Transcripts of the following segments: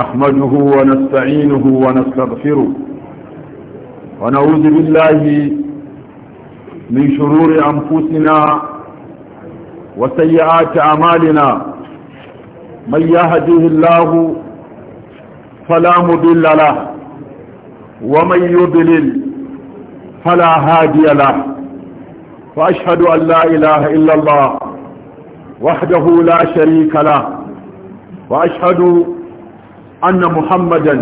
نحمده ونستعينه ونستغفره ونعوذ بالله من شرور أنفسنا وسيئات أعمالنا من يهديه الله فلا مضل له ومن يضلل فلا هادي له فأشهد أن لا إله إلا الله وحده لا شريك له وأشهد أن محمدا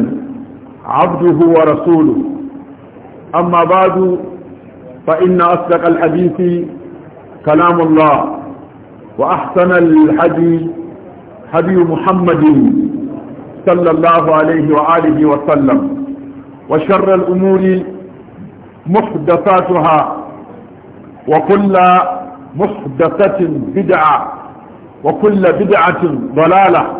عبده ورسوله أما بعد فإن أصدق الحديث كلام الله وأحسن الحدي حدي محمد صلى الله عليه وآله وسلم وشر الأمور محدثاتها وكل محدثة بدعة وكل بدعة ضلالة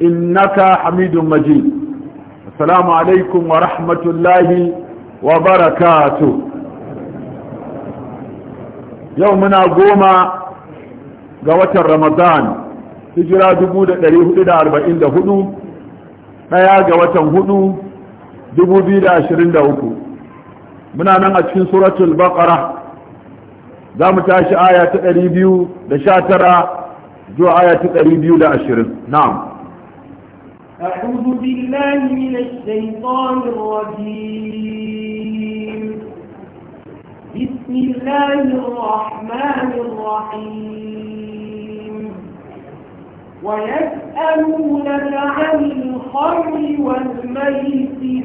innaka hamidun majid assalamu alaikum wa rahmatullahi wa barakatuh yau muna goma ga watan ramadan hijira 1444 daya ga watan hudu 2023 muna nan a cikin suratul baqara za mu tashi aya ta 219 zuwa aya ta 220 na'am أعوذ بالله من الشيطان الرجيم بسم الله الرحمن الرحيم ويسألونك عن الخمر والميسر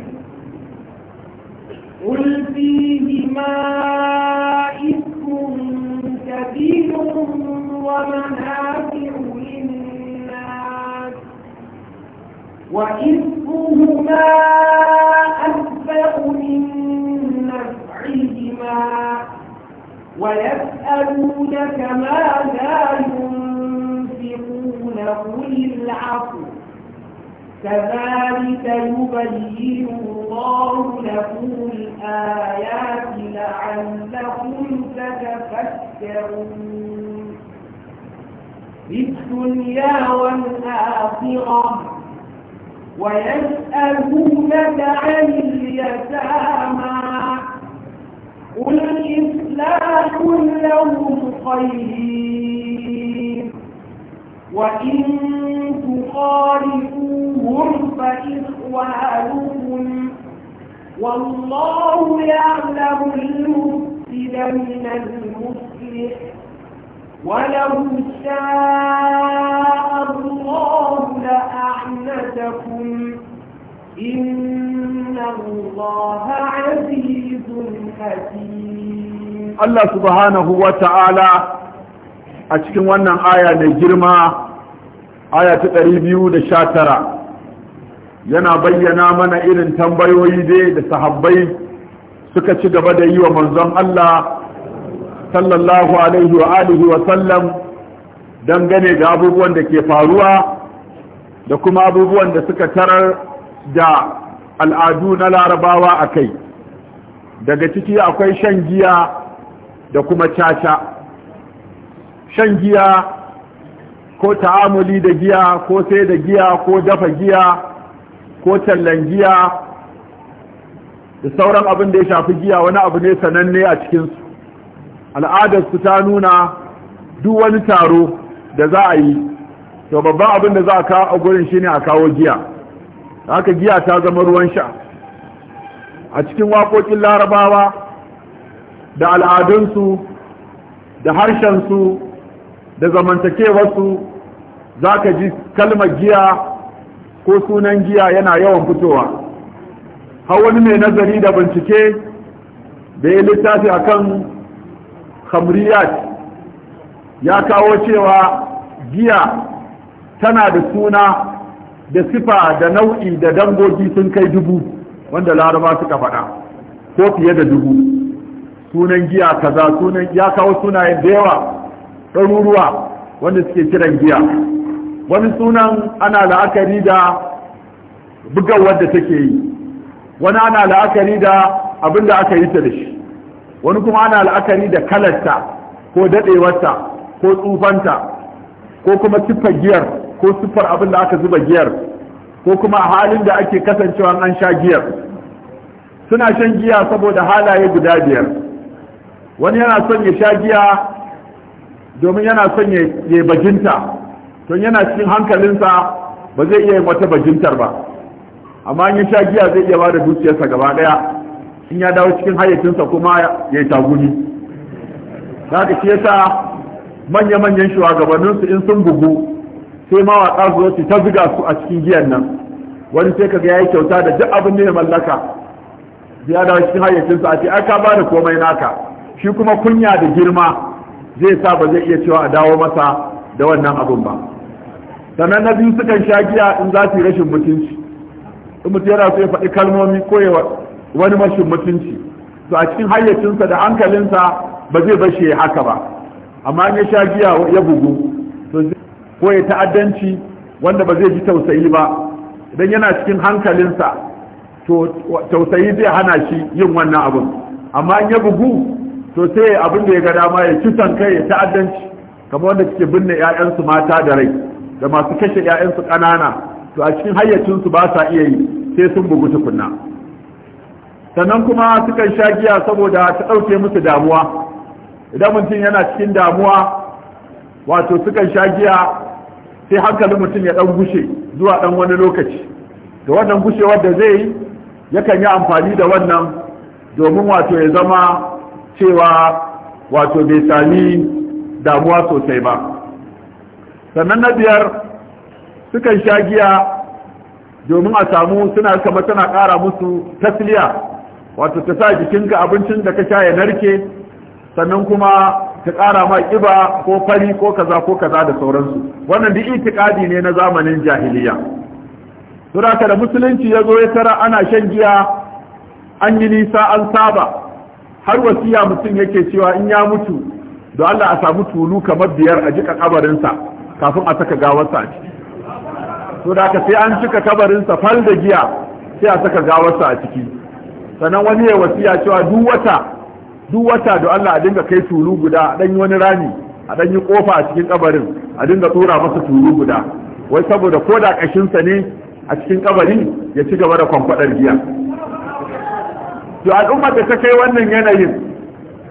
قل فيهما إثم كبير ومنافع وإثمهما أكبر من نفعهما ويسألونك ماذا ينفقون قل العفو كذلك يبين الله لكم الآيات لعلكم تتفكرون في الدنيا والآخرة ويسألونك عن اليتامى قل إصلاح لهم خير وإن تخالفوهم فإخوانكم والله يعلم المفسد من المصلح ولو شاء الله لأعنتكم إن الله عزيز حكيم الله سبحانه وتعالى أشكي وانا آية نجرمة آية تقريبيو لشاترة yana bayyana mana irin tambayoyi dai da sahabbai suka ci gaba da yi wa manzon Allah sallallahu alaihi wa alihi wa sallam dangane ga abubuwan da ke faruwa da kuma abubuwan da suka tarar da al'adu na larabawa a kai daga ciki akwai shan giya da kuma caca shan giya ko ta'amuli da giya ko sai da giya ko dafa giya ko tallan giya da sauran abin da ya shafi giya wani abu ne sananne a cikinsu al'adarsu ta nuna duk wani taro da za a yi to babban abin da za a kawo a gurin shine a kawo giya haka giya ta zama ruwan sha a cikin waƙoƙin larabawa da al'adunsu da harshen su da zamantakewarsu za ka ji kalmar giya ko sunan giya yana yawan fitowa har wani mai nazari da bincike da ya littafi akan khamriyat ya kawo cewa giya tana da suna da sifa da nau'i da dangogi sun kai dubu wanda laraba suka faɗa ko fiye da dubu sunan giya kaza sunan ya kawo sunayen da yawa ɗaruruwa wanda suke kiran giya wani sunan ana la'akari da bugawar da take yi wani ana la'akari da abin da aka yi ta da shi wani kuma ana la'akari da kalarta ko daɗewarta ko tsufanta ko kuma siffar giyar ko siffar abin da aka zuba giyar ko kuma halin da ake kasancewa an sha giyar suna shan giya saboda halaye guda biyar wani yana son ya sha giya domin yana son ya bajinta don yana cikin hankalinsa ba zai iya yin wata bajintar ba amma in ya sha giya zai iya ba da dukiyarsa gaba daya in ya dawo cikin hayyacinsa kuma ya yi taguni za ce ta manya-manyan shugabanninsu in sun bugu sai mawaƙa su zo ta zuga su a cikin giyan nan wani sai kaga ya yi kyauta da duk abin da ya mallaka ya dawo cikin hayyacinsa a ce ai ka bada komai naka shi kuma kunya da girma zai sa ba zai iya cewa a dawo masa da wannan abun ba sannan na biyu sukan sha giya in za su yi rashin mutunci in mutum yana so ya faɗi kalmomi ko wani mashin mutunci to a cikin hayyacinsa da hankalinsa ba zai ya haka ba amma ya sha giya ya bugu to ko ya ta'addanci wanda ba zai ji tausayi ba idan yana cikin hankalinsa to tausayi zai hana shi yin wannan abin amma in ya bugu to sai abin da ya ga dama ya ci san kai ya ta'addanci kamar wanda suke binne 'ya'yansu mata da rai da masu kashe 'ya'yansu ƙanana to a cikin hayyacinsu ba sa iya yi sai sun bugu tukunna sannan kuma sukan sha giya saboda ta ɗauke musu damuwa idan mutum yana cikin damuwa wato sukan sha giya sai hankalin mutum ya ɗan gushe zuwa ɗan wani lokaci da wannan gushewar da zai yi yakan yi amfani da wannan domin wato ya zama cewa wato bai sami damuwa sosai ba sannan na biyar sukan sha giya domin a samu suna kama tana ƙara musu tasliya wato ta sa jikinka abincin da ka sha ya narke sannan kuma ta ƙara ma ƙiba ko fari ko kaza ko kaza da sauransu wannan duk itikadi ne na zamanin jahiliya saboda da musulunci ya zo ya tara ana shan giya an yi nisa an saba har wasiya mutum yake cewa in ya mutu da Allah a samu tulu kamar biyar a jika kabarinsa kafin a saka gawarsa a ciki ka sai an cika kabarinsa fal da giya sai a saka gawarsa a ciki sannan wani ya wasiya cewa duk wata duk wata da Allah a dinga kai tulu guda a dan yi wani rami a dan yi kofa a cikin kabarin a dinga tura masa tulu guda wai saboda ko da kashinsa ne a cikin kabarin ya ci gaba da kwankwadar giya to al'ummar da ta kai wannan yanayin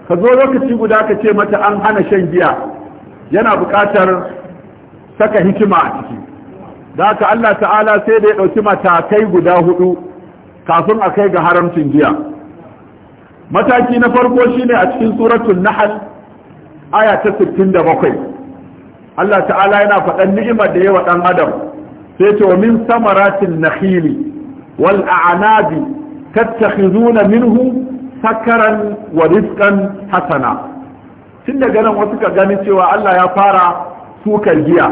ka zo lokaci guda ka ce mata an hana shan giya yana buƙatar saka hikima a ciki da haka Allah ta'ala sai da ya ɗauki matakai guda hudu kafin a kai ga haramcin giya mataki na farko shine a cikin suratul nahl aya ta 67 Allah ta'ala yana faɗan ni'imar da yawa dan adam sai ce wa min samaratin nakhili wal a'nabi tattakhizuna minhu sakaran wa rizqan hasana tun daga nan wasu ka gani cewa Allah ya fara sukar giya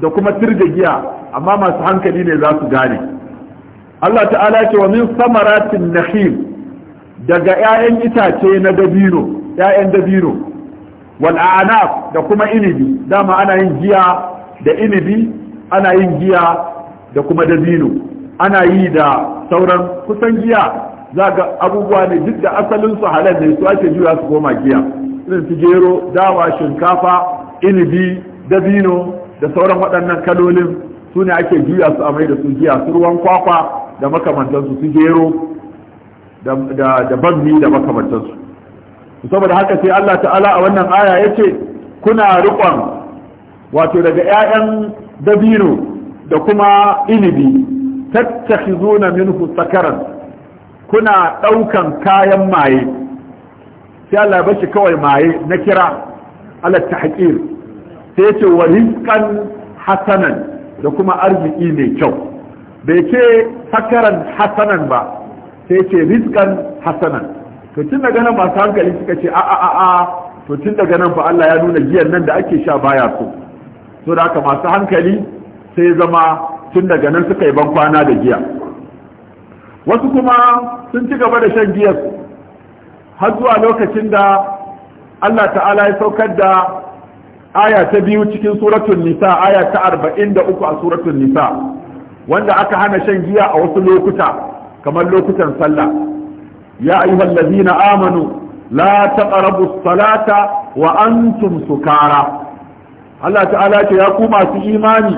da kuma tirga giya amma masu hankali ne za su gane Allah ta'ala ce wa min samaratin nakhil daga 'ya'yan itace na dabino 'ya'yan dabino wal anaf da kuma inibi dama ana yin giya da inibi ana yin giya da kuma dabino ana yi da sauran kusan giya za ga abubuwa ne duk da asalin su halal ne su ake juya su goma giya irin su gero dawa shinkafa inibi dabino da sauran waɗannan kalolin su ne ake juya su amai da su giya su ruwan kwakwa da makamantansu su gero da banmi da makamantansu saboda haka sai Allah ta'ala a wannan aya ya ce kuna riƙon wato daga 'ya'yan dabino da kuma inibi zuna minhu sakaran kuna ɗaukan kayan maye sai Allah bashi kawai maye na kira ala tahqir sai ya ce wa rizqan hasanan da kuma arziki mai kyau bai ce hakaran hasanan ba sai ce rizkan hasanan to tun daga nan masu hankali suka ce a a a to tun daga nan ba Allah ya nuna giyan nan da ake sha baya so so da haka masu hankali sai zama tun daga nan suka yi bankwana da giya wasu kuma sun ci gaba da shan giyar har zuwa lokacin da Allah ta'ala ya saukar da aya ta biyu cikin suratul nisa aya ta 43 a suratul nisa wanda aka hana shan giya a wasu lokuta kamar lokutan sallah ya ayyuhal ladina amanu la taqrabu salata wa antum sukara Allah ta'ala ce ya ku masu imani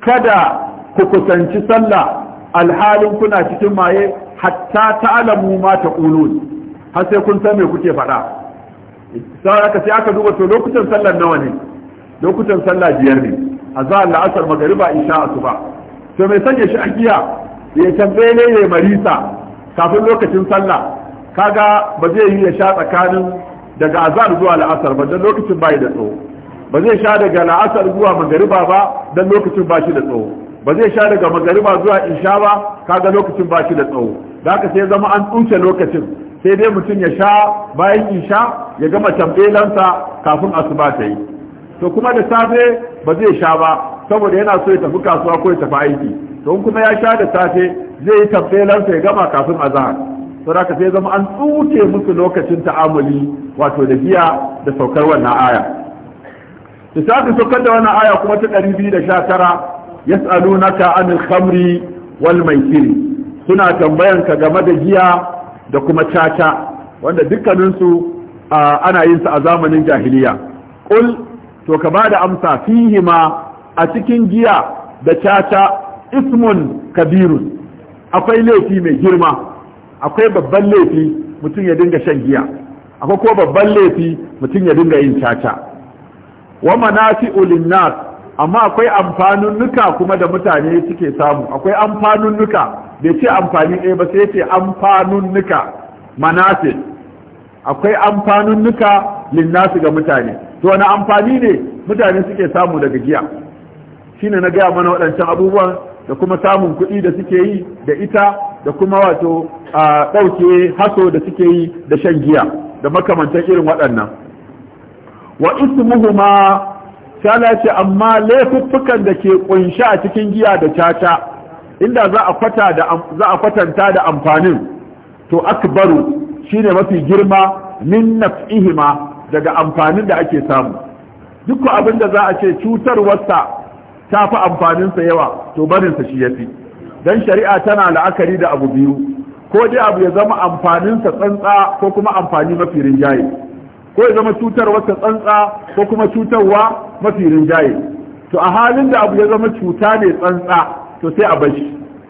kada ku kusanci sallah alhalin kuna cikin maye hatta ta'lamu ma taqulun har sai kun san me kuke faɗa sai aka sai aka duba to lokutan sallar nawa ne lokutan sallah biyar ne azhar la'asar magriba isha asuba to mai sanya shi a giya ya tambaye ne ya marisa kafin lokacin sallah kaga ba zai yi ya sha tsakanin daga azar zuwa la'asar ba dan lokacin bai da tsawo ba zai sha daga la'asar zuwa magariba ba dan lokacin ba da tsawo ba zai sha daga magariba zuwa insha ba kaga lokacin bashi da tsawo da haka sai zama an tsuce lokacin sai dai mutum ya sha bayan insha ya gama tambayelansa kafin asuba ta yi to kuma da safe ba zai sha ba saboda yana so ya tafi kasuwa ko ya tafi aiki to in kuma ya sha da safe zai yi tafsilansa ya gama kafin azhar saboda sai zama an tsuke musu lokacin ta'amuli wato da giya da saukar wannan aya lissafi saukar da wannan aya kuma ta ɗari biyu 219 yas'alunaka anil khamri wal maisir suna tambayan ka game da giya da kuma caca wanda dukkaninsu ana yin su a zamanin jahiliya kul to ka bada amsa fihima a cikin giya da caca ismun kabirun akwai laifi mai girma akwai babban laifi mutum ya dinga shan giya akwai ko babban laifi mutum ya dinga yin caca wa manafi'u linnas amma akwai amfanin nuka kuma da mutane suke samu akwai amfanin nuka bai ce amfani ɗaya ba sai ce amfanin amfanunnuka manafi akwai amfanin amfanunnuka linnasu ga mutane to wani amfani ne mutane suke samu daga giya Shi ne na gaya mana waɗancan abubuwan da kuma samun kuɗi da suke yi da ita da kuma wato a ɗauke haso da suke yi da shan giya da makamantan irin waɗannan wa ma shala ce amma laifuffukan da ke kunshi a cikin giya da caca inda za a kwatanta da amfanin to akbaru shine mafi girma min naf'ihima daga amfanin da ake samu duk abin da za a ce cutarwarsa ta fi amfaninsa yawa to barinsa shi ya fi don shari'a tana la'akari da abu biyu ko dai abu ya zama amfaninsa tsantsa ko kuma amfani mafi rinjaye ko ya zama cutarwa ta tsantsa ko kuma cutarwa mafi rinjaye to a halin da abu ya zama cuta ne tsantsa to sai a bar shi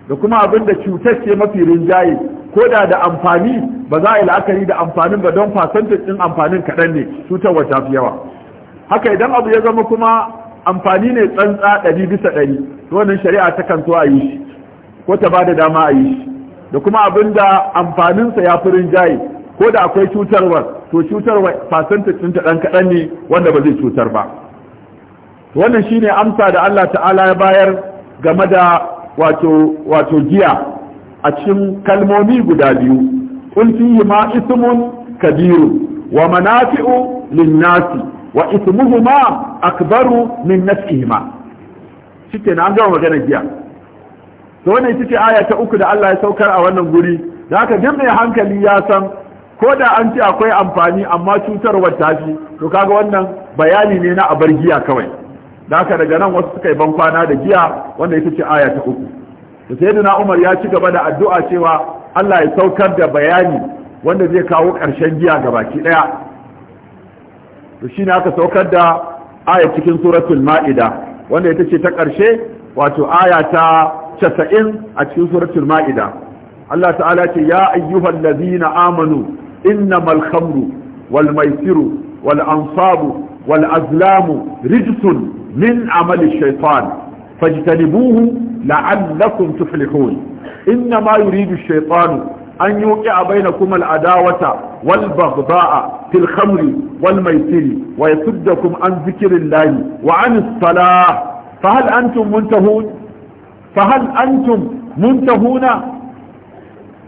da kuma abin da cutar ce mafi rinjaye ko da da amfani ba za a yi la'akari da amfanin ba don fasantin din amfanin kaɗan ne cutarwa ta fi yawa haka idan abu ya zama kuma amfani ne tsantsa ɗari bisa ɗari wannan shari'a ta kan so a yi shi ko ta ba da dama a yi shi da kuma abin da amfaninsa ya fi rinjaye ko da akwai cutarwar to cutarwar fasanta cinta ɗan kaɗan ne wanda ba zai cutar ba wannan shine amsa da Allah ta'ala ya bayar game da wato wato giya a cikin kalmomi guda biyu qul ma ismun kabiru wa manafi'u lin wa ismuhuma akbaru min nafsihima shike na an magana jiya to wannan ita ce aya ta uku da Allah ya saukar a wannan guri da haka duk mai hankali ya san ko da an ce akwai amfani amma cutar wata fi to kaga wannan bayani ne na abar giya kawai da haka daga nan wasu suka yi ban kwana da giya wanda ita ce aya ta uku to na Umar ya ci gaba da addu'a cewa Allah ya saukar da bayani wanda zai kawo ƙarshen giya gabaki baki ɗaya to shine aka saukar da aya cikin suratul ma'ida wanda ita ce ta ƙarshe wato aya ta casa'in a cikin suratul ma'ida Allah ta'ala ce ya ayyuhal ladina amanu innamal khamru wal maisiru wal ansabu wal azlamu rijsun min amali shaytan fajtanibuhu la'allakum tuflihun innama yuridu shaytanu an yuqi bainakum al-adawata wal baghda'a fil khamri wal maisiri wa yasuddakum an dhikrillahi wa anis salah fa hal antum muntahun fa hal antum muntahuna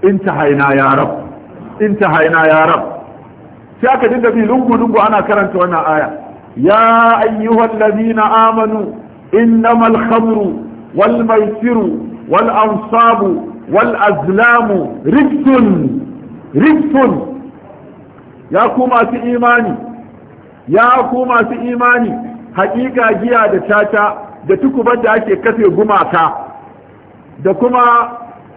intahayna ya rab intahayna ya rab sai aka dinga bi lungu lungu ana karanta wannan aya ya ayyuhallazina amanu innamal khamru wal maisiru wal ansabu wal azlamu rijsun rijsun ya ku masu imani ya ku masu imani hakika giya da caca da tukubar da ake kafe gumaka da kuma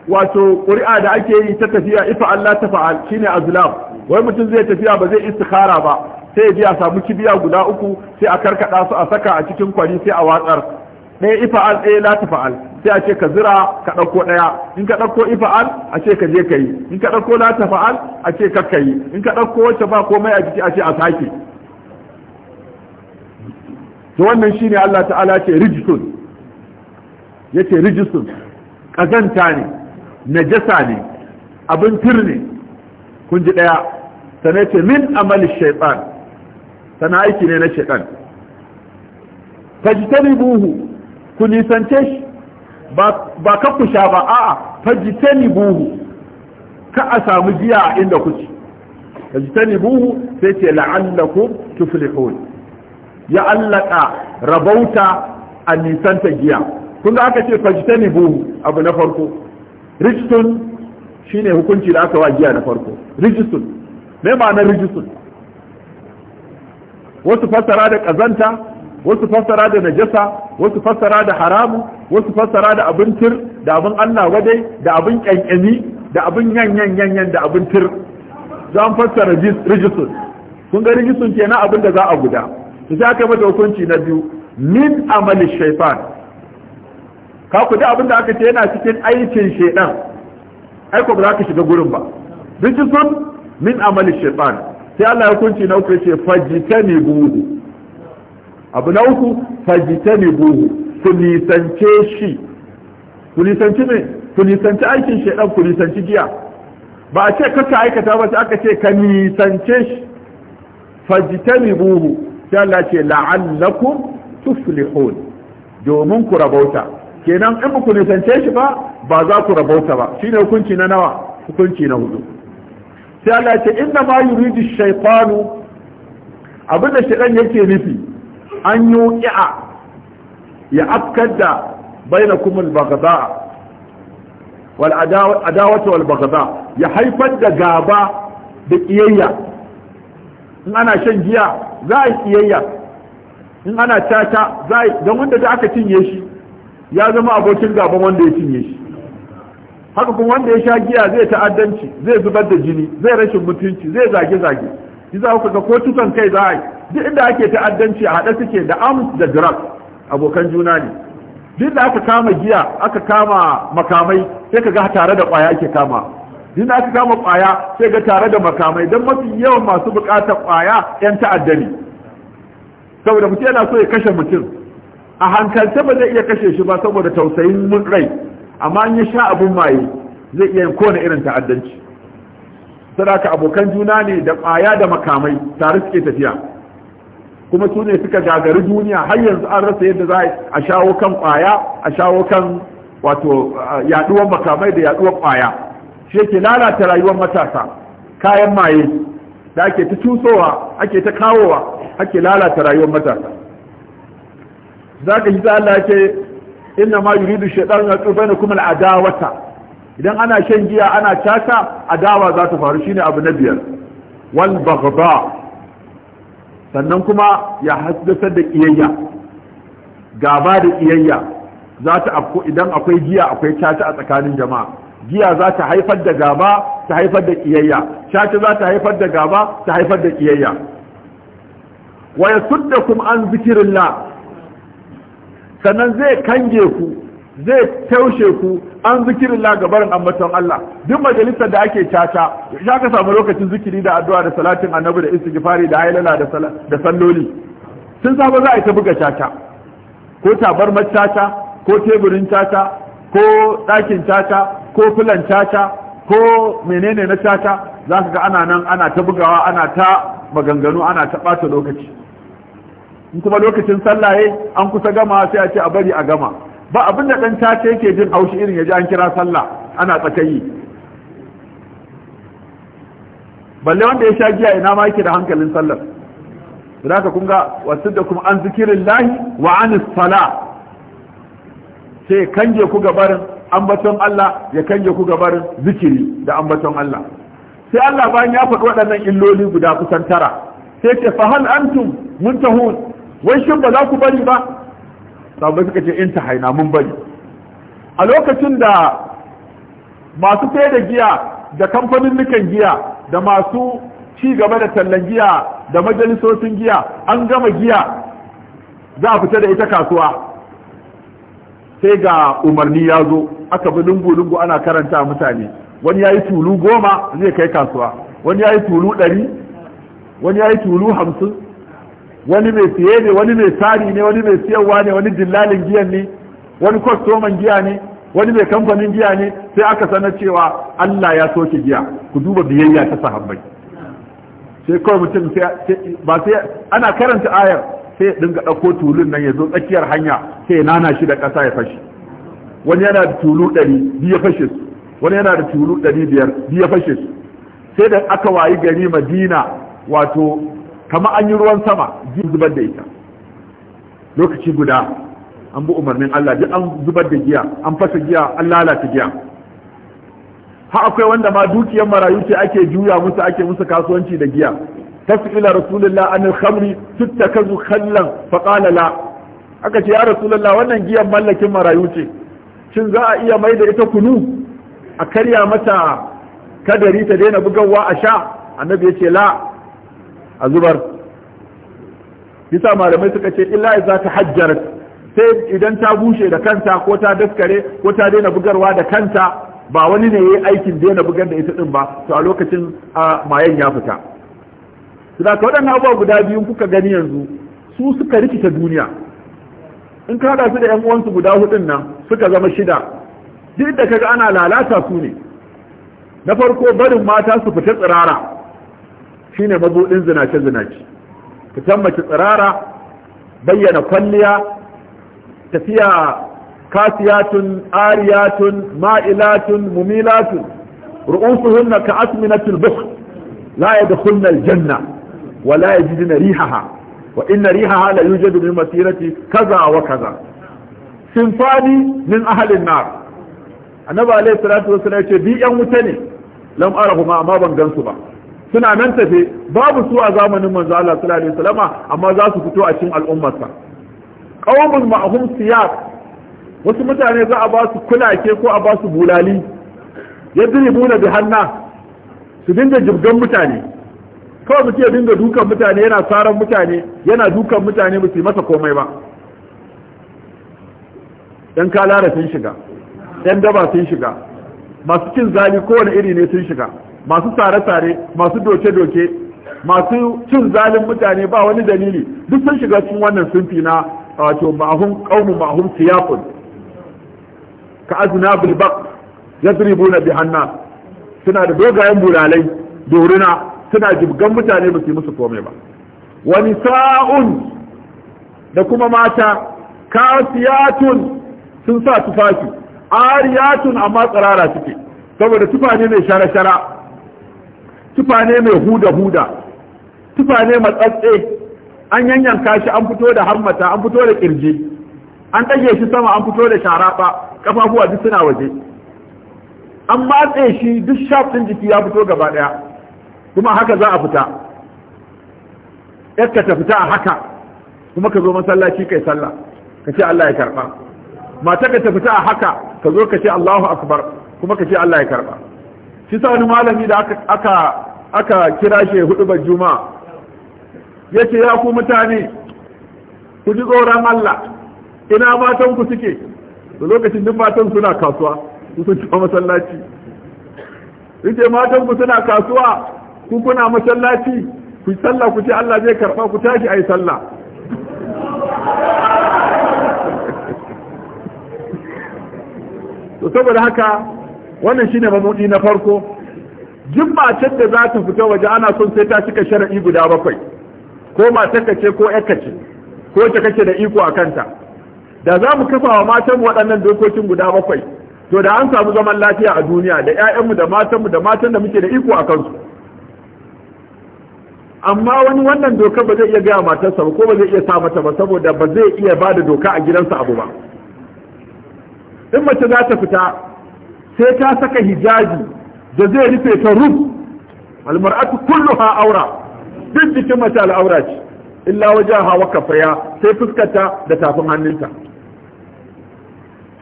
wato ƙuri'a da ake yi ta tafiya ifa Allah ta fa'al shine azlam wai mutum zai tafiya ba zai istikhara ba sai ya je a samu kibiya guda uku sai a karkada su a saka a cikin kwari sai a watsar ɗaya ifa'al ɗaya la ta fa'al sai a ce ka zira ka ɗauko ɗaya in ka ɗauko ifa'al a ce ka je ka yi in ka ɗauko fa tafa'al a ce ka ka yi in ka ɗauko wacce ba komai a jiki a ce a sake to wannan shine Allah ta'ala ce rijsun yace rijsun kazanta ne najasa ne abin tir ne kun ji ɗaya sanai ce min amali shaitan sana aiki ne na shaitan buhu ku nisance shi ba ka ku sha ba a'a ni buhu ka a samu jiya a inda kuci ni buhu sai ce la'allaku tuflihun ya allaka rabauta a nisanta jiya. kun da aka ce ni buhu abu na farko rijistun ne hukunci da aka wa giya na farko rijistun me ma'anar rijistun wasu fassara da ƙazanta. wasu fassara da najasa wasu fassara da haramu wasu fassara da abin tir da abin Allah wadai da abin kyankyami da abin yanyan yanyan da abin tir za mu fassara rijisun kun ga rijisun kenan abin da za a guda su sai aka mata hukunci na biyu min amali shaifan ka ku da abin da aka ce yana cikin aikin shaidan ai ko ba za ka shiga gurin ba rijisun min amali shaifan sai Allah ya hukunci na uku ya ce fajitani buhu abu na uku fajtanibuhu ku nisance shi ku nisanci me ku nisanci aikin shedan ku nisanci giya ba a ce kasa aikata ba sai aka ce ka nisance shi fajtanibuhu sai Allah ce la'allakum tuflihun domin ku rabauta kenan in ku nisance shi ba ba za ku rabauta ba shine hukunci na nawa hukunci na hudu sai Allah ce inna ma yuridu shaytanu abinda shaytan yake nufi an yi ya afkar da baina kuma bagada wal adawata wal bagada ya haifar da gaba da kiyayya in ana shan giya za a yi kiyayya in ana tata za a yi don wanda za aka cinye shi ya zama abokin gaban wanda ya cinye shi haka kuma wanda ya sha giya zai ta'addanci zai zubar da jini zai rashin mutunci zai zage-zage shi za ku ga ko tukan kai za a yi duk inda ake ta'addanci a haɗe suke da arms da drug abokan juna ne duk da aka kama giya aka kama makamai sai ka ga tare da ƙwaya ake kama duk da aka kama ƙwaya sai ga tare da makamai don mafi yawan masu buƙatar ƙwaya 'yan ta'adda ne saboda mutum yana so ya kashe mutum a hankalce ba zai iya kashe shi ba saboda tausayin mun rai amma an yi sha abun maye zai iya yin kowane irin ta'addanci sadaka abokan juna ne da ƙwaya da makamai tare suke tafiya kuma su ne suka gagari duniya har yanzu an rasa yadda za a shawo kan kwaya a shawo kan wato yaduwar makamai da yaduwar kwaya shi yake lalata rayuwar matasa kayan maye da ake ta tusowa ake ta kawowa ake lalata rayuwar matasa ka yi za Allah ce inna ma yuridu shaytan ya tsubana kuma al'adawata idan ana shan giya ana caca adawa za ta faru shine abu na biyar wal baghdha sannan kuma ya haddasar da kiyayya gaba da kiyayya za ta idan akwai giya akwai caca a tsakanin jama'a giya za ta haifar da gaba ta haifar da ƙiyayya, caca za ta haifar da gaba ta haifar da kiyayya wa yasuddakum an zikrillah sannan zai kange ku zai taushe ku an zikirin lagabarin ambaton Allah duk majalisar da ake caca ya ka samu lokacin zikiri da addu'a da salatin annabi da istighfari da hailala da salloli sun saba za a yi ta buga caca ko tabarmar caca ko teburin caca ko ɗakin caca ko filan caca ko menene na caca za ka ga ana nan ana ta bugawa ana ta maganganu ana ta ɓata lokaci in kuma lokacin sallaye an kusa gama sai a ce a bari a gama ba abin da ɗan tace yake jin haushi irin ya ji an kira sallah ana tsakayi balle wanda ya sha giya ina ma yake da hankalin sallar da ka kun ga wasu da kuma an zikirin lahi wa an sala sai kanje ku gabarin ambaton Allah ya kanje ku gabarin zikiri da ambaton Allah sai Allah bayan ya faɗi waɗannan illoli guda kusan tara sai ce fa hal antum muntahun wai shin ba za ku bari ba sabai suka ce inta haina mun bari a lokacin da masu fai da giya da kamfanin nukan giya da masu ci gaba da tallan giya da majalisosin giya an gama giya za a fita da ita kasuwa sai ga umarni ya zo aka bi lungu-lungu ana karanta mutane wani ya yi tulu goma zai kai kasuwa wani ya yi tulu ɗari wani ya yi tulu hamsin wani mai siye ne wani mai tsari ne wani mai siyarwa ne wani dillalin giyan ne wani kwastoman giya ne wani mai kamfanin giya ne sai aka Sana cewa Allah ya soke giya ku duba biyayya ta sahabbai sai kawai mutum ba sai ana karanta ayar sai ya dinga ɗauko tulun nan ya zo tsakiyar hanya sai ya nana shi da ƙasa ya fashe wani yana da tulu ɗari biyu ya fashe su wani yana da tulu ɗari biyar biyu ya fashe su sai da aka wayi gari madina wato kama an yi ruwan sama zai zubar da ita lokaci guda an bi umarnin Allah duk an zubar da giya an fasa giya an lalata giya ha akwai wanda ma dukiyar marayu ce ake juya musu ake musu kasuwanci da giya tasila rasulullah an al-khamri tuttakazu khallan fa qala la aka ce ya rasulullah wannan giyan mallakin marayu ce shin za a iya mai da ita kunu a karya mata kadari ta daina bugawa a sha annabi ya ce la a zubar bisa malamai suka ce illa za ta hajjar sai idan ta bushe da kanta ko ta daskare ko ta daina bugarwa da kanta ba wani ne yayi aikin daina bugar da ita din ba to a lokacin a mayan ya fita da ka waɗannan abubuwa guda biyu kuka gani yanzu su suka rikita duniya in ka haɗa su da yan uwansu guda hudun nan suka zama shida duk da kaga ana lalata su ne na farko barin mata su fita tsirara shine mabudin zinace zinace fitan mace tsirara bayyana kwalliya tafiya kasiyatun ariyatun ma'ilatun mumilatun ru'usuhunna ka'asminatil asminatul bukh la yadkhulna aljanna wa la yajidna rihaha wa inna rihaha la yujadu min masirati kaza wa kaza sinfani min ahli an-nar annabi alayhi salatu wasallam ya ce bi yan wuta ne lam arahu ma ma ban gansu ba suna nan tafe babu su a zamanin manzo Allah sallallahu alaihi wasallama amma za su fito a cikin al'ummarsa qaumun ma'hum siyaq wasu mutane za a ba su kulake ko a ba su bulali yadribuna bi hanna su dinga jibgan mutane kawai mutum ya dinga dukan mutane yana saran mutane yana dukan mutane ba su masa komai ba dan kalara sun shiga dan daba sun shiga masu cin zali kowane iri ne sun shiga masu sare-sare masu doke-doke masu cin zalin mutane ba wani dalili duk sun shiga cikin wannan sunfi na wato ma'ahum qaumun ma'ahum siyafun ka azna bil baq yadribuna bi hanna suna da dogayen bulalai doruna suna jibgan mutane ba su musu komai ba wani sa'un da kuma mata kasiyatun sun sa tufafi ariyatun amma tsirara suke saboda tufafi ne mai shara-shara tufa ne mai huda huda tufa ne matsatse an yanyanka shi an fito da harmata an fito da kirji an ɗage shi sama an fito da sharaɓa kafafuwa duk suna waje an matse shi duk shaf ɗin jiki ya fito gaba ɗaya kuma haka za a fita yadda ta fita a haka kuma ka zo masallaci kai sallah ka ce Allah ya karɓa mata ka ta fita a haka ka zo ka ce Allahu akbar kuma ka ce Allah ya karɓa Kisa wani malami da aka kira shi hudubar juma'a ce ya ku mutane ku ji tsoron Allah ina matan ku suke da lokacin duk matan suna kasuwa sun tafi masallaci ce matan ku suna kasuwa ku kuna masallaci ku sallah ku ce Allah zai karba ku tashi ayi sallah to saboda haka wannan shine mamudi na farko jumma ce da za ta fita waje ana son sai ta cika shara'i guda bakwai ko matarka ce ko yarka ce ko ta kace da iko a kanta da za mu kafa wa matan waɗannan dokokin guda bakwai to da an samu zaman lafiya a duniya da ƴaƴanmu da matanmu da matan da muke da iko a kansu amma wani wannan doka ba zai iya gaya matarsa ba ko ba zai iya sa mata ba saboda ba zai iya bada doka a gidansa abu ba in mace za ta fita sai ta saka hijabi da zai rufe ta ruf almar'atu kulluha aura duk jikin mace al'aura ce illa wajaha wa kafaya sai fuskarta da tafin hannunta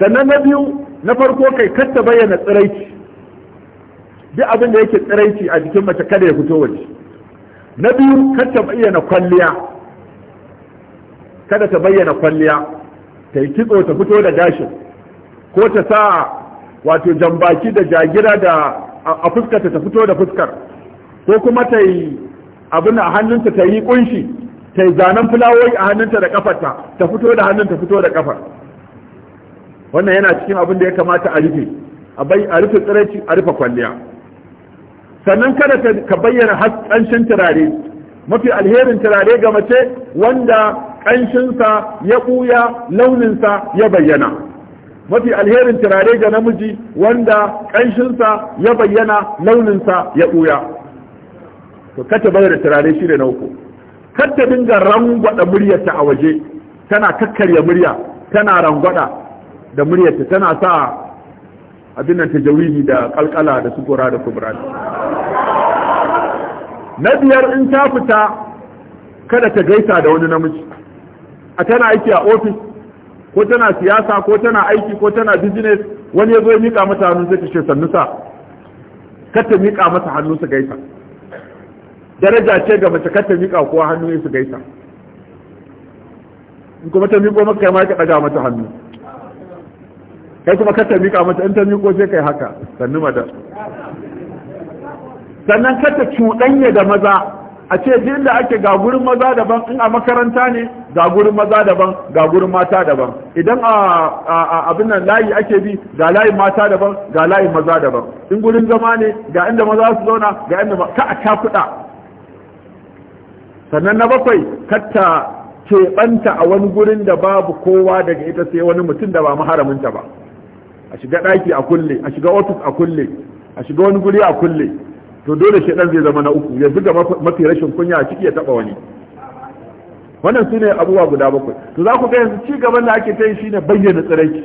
sannan na biyu na farko kai katta bayyana tsiraici duk abin da yake tsiraici a jikin mace kada ya fito waje na biyu katta bayyana kwalliya kada ta bayyana kwalliya ta yi kitso ta fito da gashin ko ta sa wato jambaki da jagira da a fuskarta ta fito da fuskar ko kuma ta yi abin a hannunta ta yi kunshi ta yi zanen fulawoyi a hannunta da kafarta ta fito da hannun ta fito da kafar wannan yana cikin abin da ya kamata a rufe a rufe tsiraici a rufe kwalliya sannan kada ka bayyana ƙanshin turare mafi alherin turare ga mace wanda ƙanshinsa ya ɓuya launinsa ya bayyana mafi alherin turare ga namiji wanda ƙanshinsa ya bayyana launinsa ya ɓuya to kata bayar da turare shi ne na uku kata dinga rangwada muryarta a waje tana kakkarya murya tana rangwada da muryarta tana sa abin nan tajawihi da kalkala da sukura da kubra na biyar in ta fita kada ta gaisa da wani namiji a tana aiki a ofis ko tana siyasa ko tana aiki ko tana business wani ya zo ya mika mata hannu sai ta ce sannu sa kar ta mika masa hannu su gaisa daraja ce ga mace kar ta mika kowa hannu su gaisa in kuma ta miko maka kai ma ka daga mata hannu kai kuma kar ta mika mata in ta miko sai kai haka sannu madam sannan kar ta cuɗanya da maza a ce jin da ake ga maza daban in a makaranta ne ga gurin maza daban ga mata daban idan a abin nan layi ake bi ga layi mata daban ga layin maza daban in gurin zama ne ga inda maza su zauna ga inda ka a kuɗa. sannan na bakwai katta keɓanta a wani gurin da babu kowa daga ita sai wani mutum da ba maharaminta ba a shiga ɗaki a kulle a shiga ofis a kulle a shiga wani guri a kulle to dole dan zai zama na uku yanzu ga mafi rashin kunya a ciki ya taba wani wannan su ne abubuwa guda bakwai to za ku ga yanzu ci gaban da ake ta yi shine bayyana tsiraici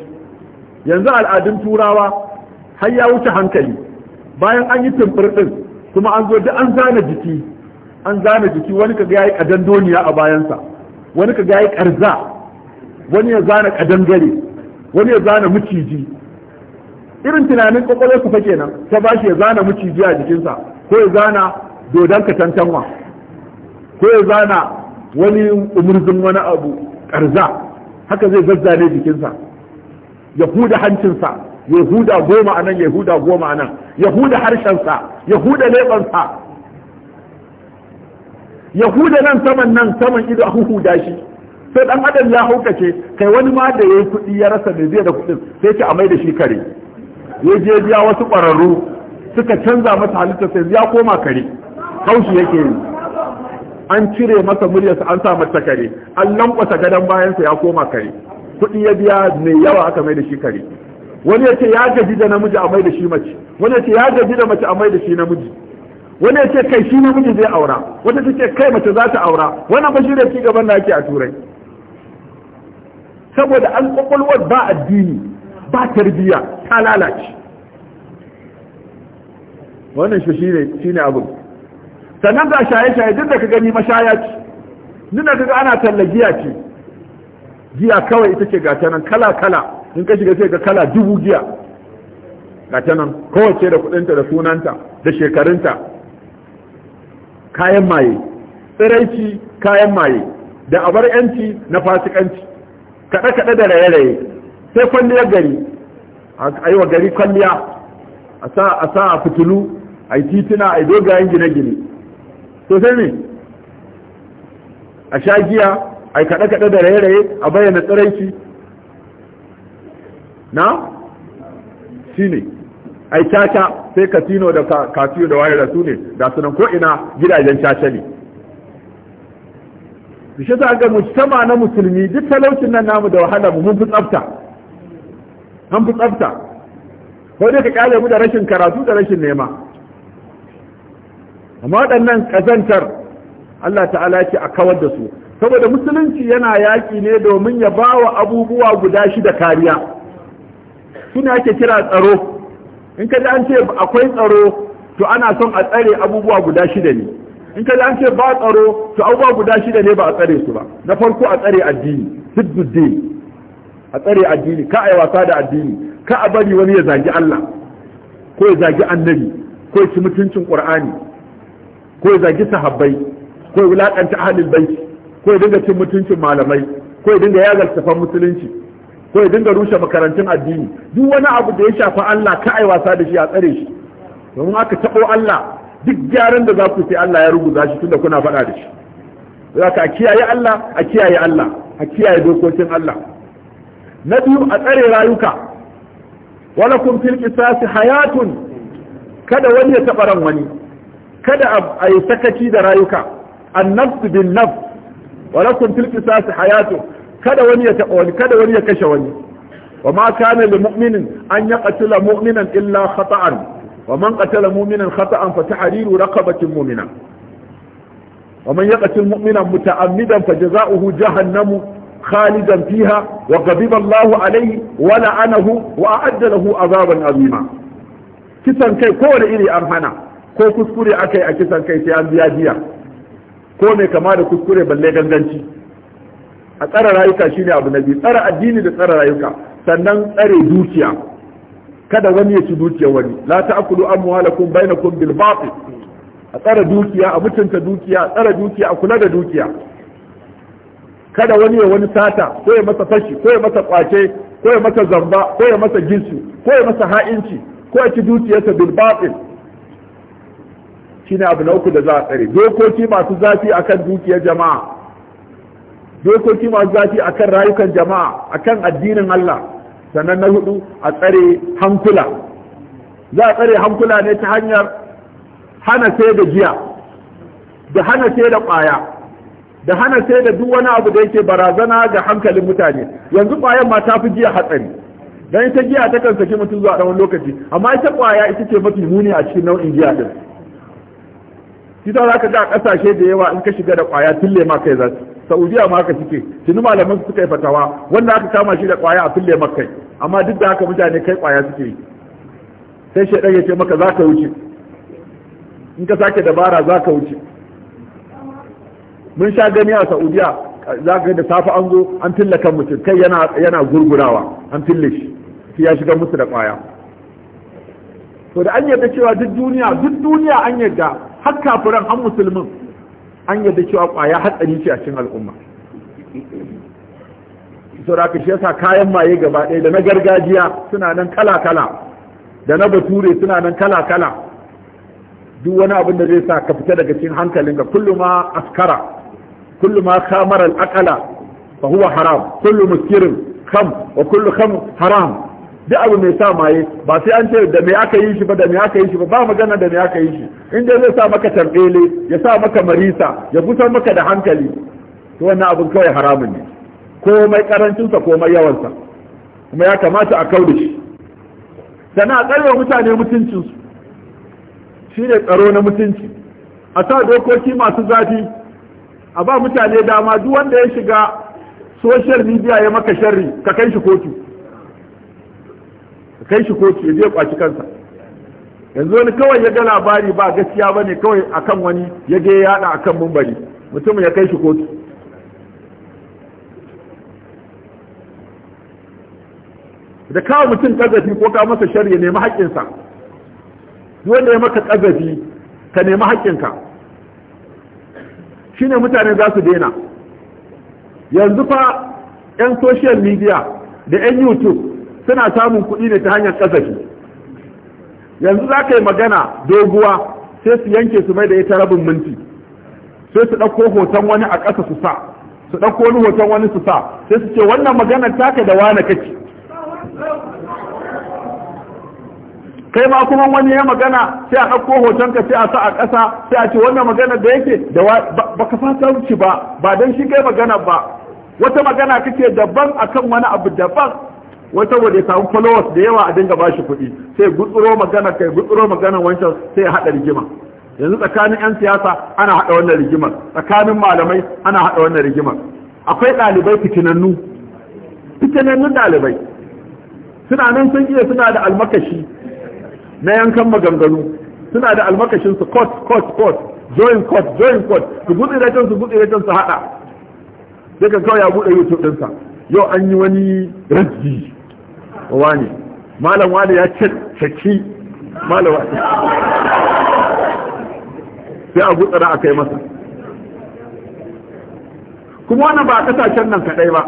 yanzu al'adun turawa har ya wuce hankali bayan an yi tumfur din kuma an zo duk an zana jiki an zana jiki wani kaga yayi kadan doniya a bayansa wani kaga yayi karza wani ya zana kadan gare wani ya zana miciji irin tunanin kwakwalwar ku fa kenan ta bashi ya zana miciji a jikinsa ko ya zana dodon katantanwa ko ya zana wani umurzin wani abu karza haka zai zazzane jikinsa ya huda hancinsa ya huda goma a nan ya huda goma a nan ya huda harshensa ya huda lebansa ya huda nan saman nan saman ido a huda shi sai dan adam ya haukace kai wani ma da ya yi kuɗi ya rasa da zai da kuɗin sai ce a mai da shi kare ya je biya wasu ƙwararru suka canza masa halitta sai ya koma kare haushi yake yi an cire masa muryarsa an sa mata kare an lankwasa gadon bayansa ya koma kare kuɗi ya biya mai yawa aka mai da shi kare wani ya ce ya gaji da namiji a mai da shi mace wani ya ce ya gaji da mace a mai da shi namiji wani ya ce kai shi namiji zai aura wata ta ce kai mace za ta aura wannan ba shi da ci gaban da ake a turai saboda an kwakwalwar ba addini ba tarbiya ta lalace wannan shi shi ne abu sannan ga shaye-shaye duk da ka gani mashaya ce duk da ka ga ana giya ce giya kawai ita ce gata nan kala-kala in ka shiga sai ga kala dubu giya gata nan kowace da kudinta da sunanta da shekarunta kayan maye tsiraici kayan maye da abar yanci na fasikanci kaɗe-kaɗe da raye-raye sai kwalliyar gari a yi wa gari kwalliya a sa a fitilu a yi tituna a yi dogayen gine-gine to sai ne a sha giya a yi kaɗe-kaɗe da raye-raye a bayyana tsiraici na shi ne a yi caca sai katino da katiyo da wayar su ne da sunan ko'ina gidajen caca ne za ta ga sama na musulmi duk talaucin nan namu da wahala mu mun fi tsafta an fi tsafta ko dai ka kyale mu da rashin karatu da rashin nema amma waɗannan ƙazantar Allah ta'ala ce a kawar da su saboda musulunci yana yaƙi ne domin ya ba wa abubuwa guda shida kariya suna ake kira tsaro in ka an ce akwai tsaro to ana son a tsare abubuwa guda shida ne in ka an ce ba tsaro to abubuwa guda shida ne ba a tsare su ba na farko a tsare addini hidduddin a tsare addini ka a wasa da addini ka a bari wani ya zagi Allah ko ya zagi annabi ko ya ci mutuncin qur'ani ko ya zagi sahabbai ko ya wulakanta ahlul bait ko ya dinga cin mutuncin malamai ko ya dinga yagal safan musulunci ko ya dinga rushe makarantun addini duk wani abu da ya shafa Allah ka a wasa da shi a tsare shi domin aka tabo Allah duk gyaran da za ku sai Allah ya rubuta shi tunda kuna faɗa da shi za ka kiyaye Allah a kiyaye Allah a kiyaye dokokin Allah na biyu a tsare rayuka wala kun fil hayatun kada wani ya taɓa ran wani kada a yi sakaci da rayuka annafs bin naf wala kun fil hayatun kada wani ya taɓa wani kada wani ya kashe wani wa ma kana lil mu'minin an yaqtula mu'minan illa khata'an wa man qatala mu'minan khata'an fa ta tahriru raqabatin mu'mina wa ومن يقتل مؤمنا متعمدا فجزاؤه جهنم خالدا فيها وغضب الله wa ولعنه وأعد له عذابا عظيما kisan kai kowane iri an hana ko kuskure aka yi a kisan kai sai an biya jiya ko mai kama da kuskure balle ganganci a tsara rayuka shine abu na biyu tsara addini da tsara rayuka sannan tsare dukiya kada wani ya ci dukiyar wani la ta'kulu amwalakum bainakum bil batil a tsara dukiya a mutunta dukiya a tsara dukiya a kula da dukiya kada wani ya wani sata ko ya masa fashi ko ya masa kwace ko ya masa zamba ko ya masa ginsu ko ya masa ha'inci ko ya ci dukiyarsa bil batil shine abu na uku da za a tsare dokoki masu zafi akan dukiyar jama'a dokoki masu zafi akan rayukan jama'a akan addinin Allah sannan na hudu a tsare hankula za a tsare hankula ne ta hanyar hana sai da jiya, da hana sai da kwaya da hana sai da duk wani abu da yake barazana ga hankalin mutane yanzu ƙwayar ma ta fi jiya hatsari dan ita jiya ta kan saki mutum zuwa ɗan lokaci amma ita ƙwaya ita ce mafi muni a cikin nau'in jiya din kita za ka ga ƙasashe da yawa in ka shiga da ƙwaya tulle ma kai za saudiya ma haka suke tuni malaman su suka yi fatawa wanda aka kama shi da ƙwaya a tulle ma kai amma duk da haka mutane kai ƙwaya suke yi sai shaidan ya ce maka za ka wuce in ka sake dabara za ka wuce mun sha gani a saudiya za ka da safe an zo an fille kan mutum kai yana gurgurawa an fille shi shi ya shiga musu da kwaya to da an yadda cewa duk duniya duk duniya an yadda har kafiran an musulmin an yadda cewa kwaya hatsari ce a cikin al'umma saboda shi yasa kayan maye gaba ɗaya da na gargajiya suna nan kala kala da na bature suna nan kala kala duk wani abin da zai sa ka fita daga cikin hankalinka kullum ma askara كل ما khamara al فهو حرام huwa haram خم وكل خم wa da haram abu mai sa maye ba sai an ce da mai aka yi shi ba da mai aka yi shi ba ba magana da mai aka yi shi in dai zai sa maka tarbele ya sa maka marisa ya kusan maka da hankali to wannan abin kawai haramun ne komai karancinsa komai yawansa kuma ya kamata a kauda shi sana a mutane mutuncinsu shi ne tsaro na mutunci a sa dokoki masu zafi a ba mutane dama duk wanda ya shiga social media ya maka sharri ka kai shi kotu ka kai shi kotu ya je kwaci kansa yanzu wani kawai ya ga labari ba gaskiya ba ne kawai akan wani ya ga ya a akan mumbari mutum ya kai shi kotu da kawo mutum kazafi ko ka masa shari ya nemi haƙƙinsa wanda ya maka kazafi ka nemi haƙƙinka ne mutane za su daina yanzu fa 'yan social media da 'yan youtube suna samun kuɗi ne ta hanyar ƙazafi yanzu za ka yi magana doguwa sai su yanke su mai da ita rabin minti sai su ɗauko hoton wani a ƙasa su sa su ɗauko wani hoton wani su sa sai su ce wannan maganar taka da wane kake kai ma kuma wani ya magana sai a ɗauko hoton ka sai a sa a ƙasa sai a ce wannan magana da yake da ka fata wuce ba ba dan shi kai magana ba wata magana kake daban akan wani abu daban wata wanda ya samu followers da yawa a dinga ba bashi kuɗi sai gutsuro magana kai gutsuro magana wancan sai haɗa rigima yanzu tsakanin 'yan siyasa ana haɗa wannan rigimar tsakanin malamai ana haɗa wannan rigimar akwai ɗalibai fitinannu fitinannun ɗalibai suna nan sun iya suna da almakashi na yankan maganganu suna da almakashin su court court court join court join court su gudu da can su gutsi da can su hada sai ka kawai ya bude youtube dinsa yau an yi wani rajji wani malam wani ya ce caki malam wani sai a gutsara a kai masa kuma wannan ba a kasashen nan kadai ba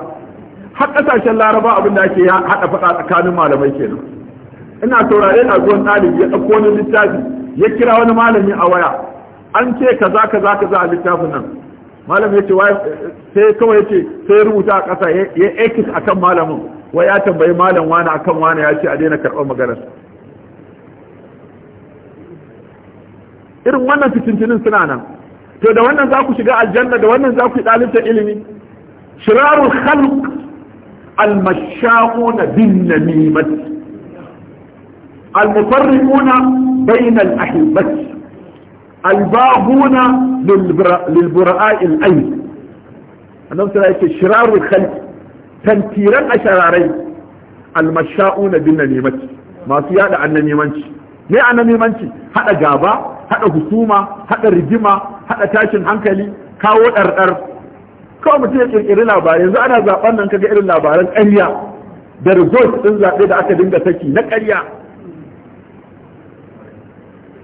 har kasashen laraba abin da ake haɗa faɗa tsakanin malamai kenan ina saurare da zuwan ɗalibi ya ɗauko wani littafi ya kira wani malami a waya an ce kaza kaza kaza a littafin nan malam ya ce sai kawai ce sai rubuta a ƙasa ya ekis kan malamin wai ya tambayi malam wani kan wani ya ce a daina karɓar maganar irin wannan fitintinin suna nan to da wannan za ku shiga aljanna da wannan za ku yi ɗalibta ilimi shirarul khalq al-mashaquna bin namimati المفرقون بين الأحبة الباغون للبراء الأين أنهم تلاقي شرار الخلق تنتيرا أشرارين المشاؤون بالنميمة ما سيادة عن النميمة ne a namimanci haɗa gaba haɗa husuma haɗa rigima haɗa tashin hankali kawo ɗarɗar kawai mutum ya ƙirƙiri labarai yanzu ana zaɓen nan ka ga irin labaran ƙarya da result ɗin zaɓe da aka dinga saki na ƙarya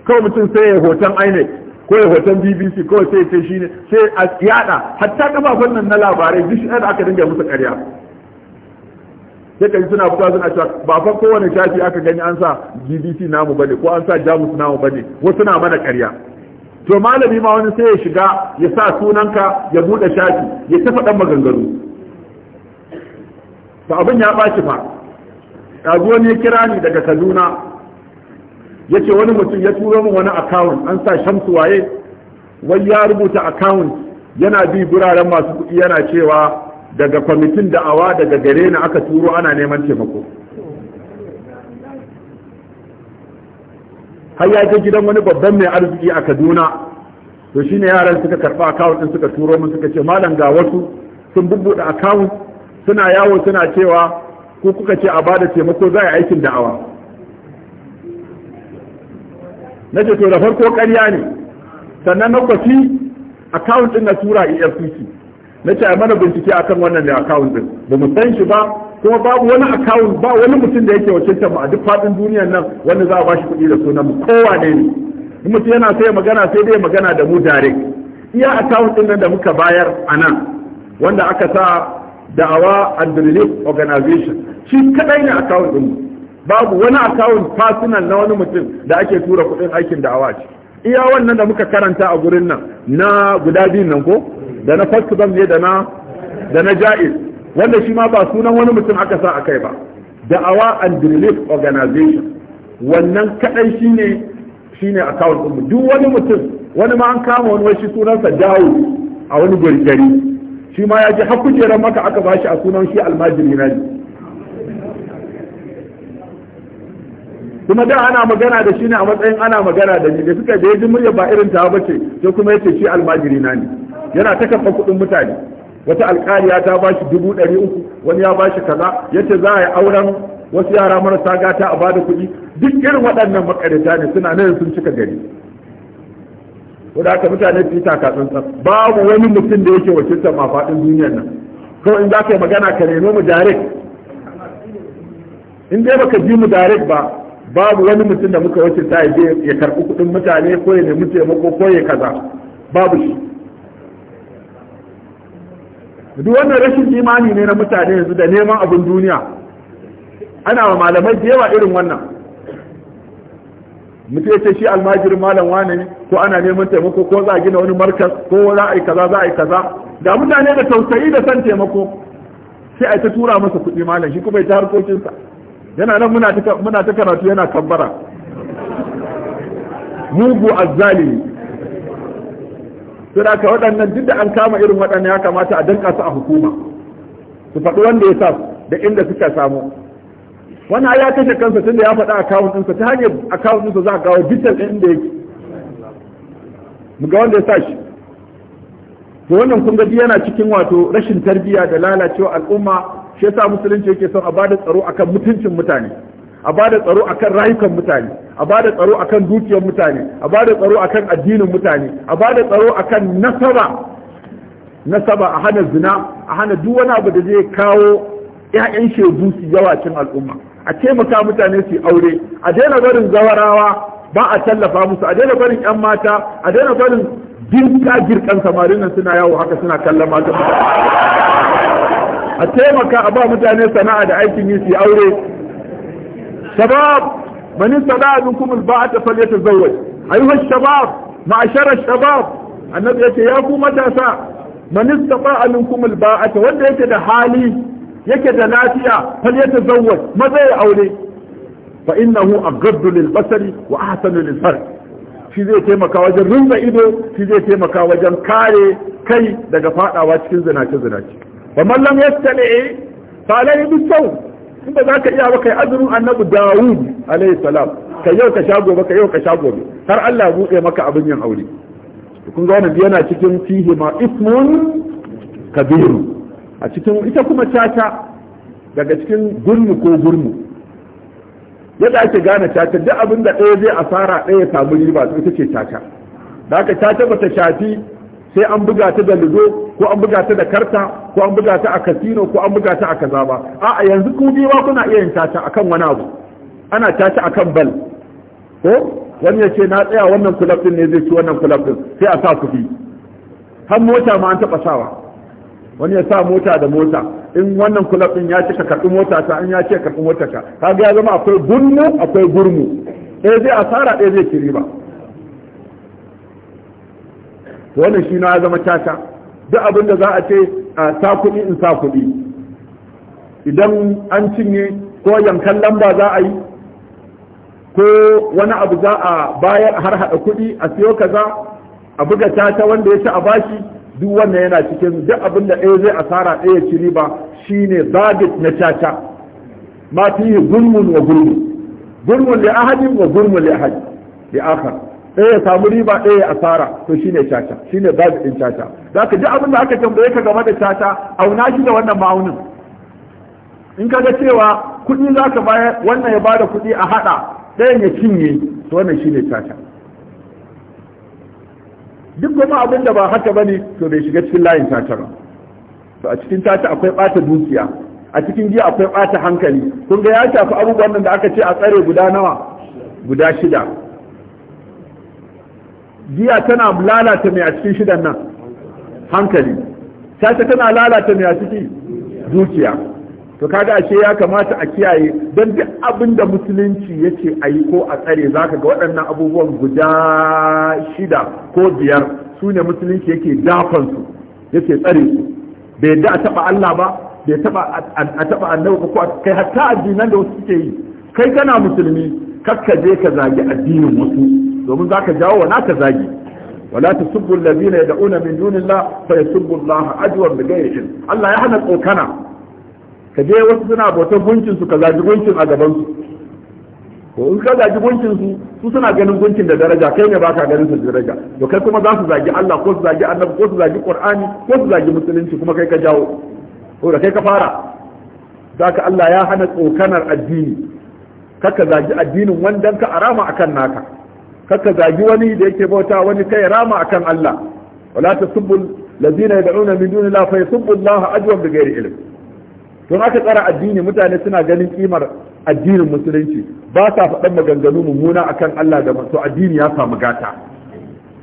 kawai mutum sai ya hoton INEC ko ya hoton BBC ko sai ce shi ne sai a yada hatta kafafen nan na labarai duk shi aka dinga musu karya. sai suna fita suna cewa ba fa kowane shafi aka gani an sa BBC namu bane ko an sa Jamus namu bane wasu na mana karya. to malami ma wani sai ya shiga ya sa sunanka ya bude shafi ya tafa dan maganganu to abin ya baci fa wani ne kira ni daga Kaduna yace wani mutum ya turo min wani account an sa shamsu waye wai ya rubuta account yana bi guraren masu kuɗi yana cewa daga kwamitin da'awa daga gare ni aka turo ana neman taimako har ya je gidan wani babban mai arziki a Kaduna to shine yaran suka karba account din suka turo min suka ce malam ga wasu sun bubbuɗe account suna yawo suna cewa ko kuka ce a bada taimako za a yi aikin da'awa na ce to da farko ƙarya ne sannan na kwafi account ɗin na tura efcc na ce a mana bincike akan wannan ne account ɗin ba mu san shi ba kuma babu wani account ba wani mutum da yake wakilta mu a duk faɗin duniyar nan wanda za a ba shi kuɗi da sunan mu kowa ne ne mutum yana sai magana sai dai magana da mu direct iya account ɗin nan da muka bayar a nan wanda aka sa da'awa and relief organization shi kadai ne account ɗin mu babu wani akawun fasinan na wani mutum da ake tura kuɗin aikin da awa ce iya wannan da muka karanta a gurin nan na guda biyun nan ko da na first bank ne da na jail jaiz wanda shi ma ba sunan wani mutum aka sa a kai ba da awa and relief organization wannan kadai shine shine account din duk wani mutum wani ma an kama wani wani sunansa dawo a wani gurgari shi ma ya ji har maka aka bashi a sunan shi almajiri na kuma da ana magana da shi ne a matsayin ana magana da ni da suka da yaji murya ba irin ta bace to kuma yace shi almajiri na ne yana ta kafa kudin mutane wata alƙaliya ta ba shi dubu ɗari uku wani ya ba shi kaza yace za a yi auren wasu yara marasa gata a bada kuɗi duk irin waɗannan makarita ne suna nan sun cika gari wadaka mutane su yi tsantsan babu wani mutum da yake wakiltar faɗin duniyar nan kawai in za ka yi magana ka nemo mu direct in dai baka ji mu direct ba babu wani mutum da muka wuce ta je ya karɓi kuɗin mutane ko ya nemi taimako ko ya kaza babu shi duk wannan rashin imani ne na mutane yanzu da neman abin duniya ana wa malamai da yawa irin wannan mutum ya ce shi almajirin malam wane ne ko ana neman taimako ko za a gina wani markas ko za a yi kaza za a yi kaza da mutane da tausayi da san taimako sai a ta tura masa kuɗi malam shi kuma ya ta harkokinsa yana nan muna ta karatu yana kambara mugu azali sai da waɗannan duk da an kama irin waɗannan ya kamata a danka su a hukuma su faɗi wanda ya sa da inda suka samu wani ya kashe kansa tun da ya faɗa akawun ɗinsa ta hanyar akawun ɗinsa za a kawo bitan inda da yake ga wanda ya sa shi to wannan kun gaji yana cikin wato rashin tarbiyya da lalacewa al'umma shi yasa musulunci yake son a bada tsaro akan mutuncin mutane a bada tsaro akan rayukan mutane a bada tsaro akan dukiyar mutane a bada tsaro akan addinin mutane a bada tsaro akan nasaba nasaba a hana zina a hana duk wani abu da zai kawo ƴaƴan shegu su yawa cin al'umma a taimaka mutane su aure a daina barin zawarawa ba a tallafa musu a daina barin ƴan mata a daina barin girka girkan samarin nan suna yawo haka suna kallon mata a taimaka a ba mutane sana'a da aikin yi su aure shabab mani sana'a min kuma ba ta falle ta zawai ayyuhar shabab ma'asharar shabab annabi yace ya ku matasa mani sana'a min kuma ba ta wanda yake da hali yake da lafiya falle ta zawai maza ya aure fa innahu aghaddu lil basari wa ahsanu lil shi zai taimaka wajen rinza ido shi zai taimaka wajen kare kai daga fadawa cikin zinace zinace wa mallam yastali fa alayhi sau. in ba za ka iya ba kai azumin annabi Dawud alayhi salam ka yau ka sha gobe ka yau ka sha gobe har Allah ya buɗe maka abin yin aure kun ga wannan yana cikin fihi ma ismun kabiru a cikin ita kuma caca daga cikin gurmu ko gurmu yadda ake gane caca duk abin da ɗaya zai asara ɗaya samu riba ita ce caca da haka caca bata shafi sai an buga ta da lido ko an buga ta da karta ko an buga ta a kasino ko an buga ta a kaza ba a yanzu ku ba kuna iya yin caca akan wani abu ana caca akan bal ko wani ya ce na tsaya wannan kulab din ne zai ci wannan kulab din sai a sa kuɗi har mota ma an taɓa sawa wani ya sa mota da mota in wannan kulab din ya ce ka karɓi mota ta in ya ce karɓi mota ka kaga ya zama akwai gunmu akwai gurmu ɗaya eh, zai asara ɗaya eh, zai ci riba wannan shi na zama caca duk abin da za a ce a sa kuɗi in sa kuɗi idan an cinye ko yankan lamba za a yi ko wani abu za a bayar har haɗa kuɗi a siyo kaza a buga caca wanda ya ci a bashi duk wannan yana cikin duk abin da ɗaya zai asara ɗaya ci riba ne zabit na caca ma fihi gulmun wa gulmun gulmun li ahadin wa gulmun li ahad li akhar ɗaya ya samu riba ɗaya ya asara to shine caca shine babu caca za ka ji abin da aka tambaye ka game da caca auna shi da wannan ma'aunin in ka ga cewa kuɗi za ka bayar wannan ya bada kuɗi a haɗa ɗayan ya cinye to wannan shine caca duk kuma abin da ba haka ba ne to bai shiga cikin layin caca ba to a cikin caca akwai ɓata dukiya a cikin giya akwai ɓata hankali kun ga ya shafi abubuwan da aka ce a tsare guda nawa guda shida giya tana lalata mai a cikin shidan nan hankali sace tana lalata mai a ciki zuciya to kaga ashe ya kamata a kiyaye don duk abin da musulunci ya ce a yi ko a tsare za ka ga waɗannan abubuwan guda shida ko biyar su ne musulunci yake dafansu yake tsare su bai yadda a taɓa Allah ba bai a taɓa annabi ko kai hatta addinan da wasu suke yi kai kana musulmi kakka je ka zagi addinin wasu domin za ka jawo wa naka zagi wala tasubbu allazina yad'una min dunillah fa yasubbu Allah ajwan bighairi ilm Allah ya hana tsokana ka je wasu suna bautar gunkin su ka zagi gunkin a gaban su ko in ka zagi gunkin su su suna ganin gunkin da daraja kai ne baka ganin su daraja to kai kuma za su zagi Allah ko su zagi Annabi ko su zagi Qur'ani ko su zagi musulunci kuma kai ka jawo ko da kai ka fara zaka Allah ya hana tsokanar addini kaka zagi addinin wanda ka arama akan naka kaka zagi wani da yake bauta wani kai rama akan Allah wala tasubbu lazina yad'una min duni Allah fa yasubbu Allah ajwan bighairi ilm to aka tsara addini mutane suna ganin kimar addinin musulunci ba sa faɗan maganganu mummuna akan Allah da to addini ya samu gata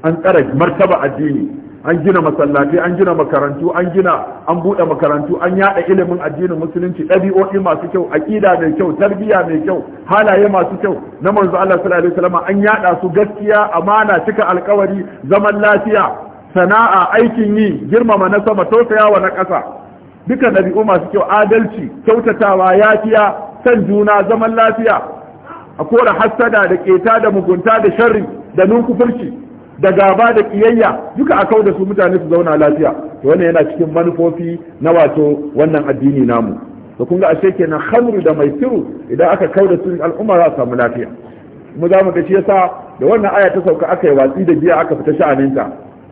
an tsara martaba addini an gina masallati an gina makarantu an gina an bude makarantu an yada ilimin addinin musulunci ɗabi'o'i masu kyau aƙida mai kyau tarbiya mai kyau halaye masu kyau na manzo Allah sallallahu alaihi wasallam an yada su gaskiya amana cika alkawari zaman lafiya sana'a aikin yi girmama na sama tausayawa na ƙasa duka ɗabi'u masu kyau adalci kyautatawa yafiya san juna zaman lafiya a kora hassada da keta da mugunta da sharri da nunkufurci da gaba da kiyayya duka a kau da su mutane su zauna lafiya to wannan yana cikin manufofi na wato wannan addini namu to kun ga ashe kenan khamru da maisiru idan aka kau da su al'umma za su samu lafiya mu za mu ga shi yasa da wannan aya ta sauka aka yi watsi da giya aka fita sha'aninta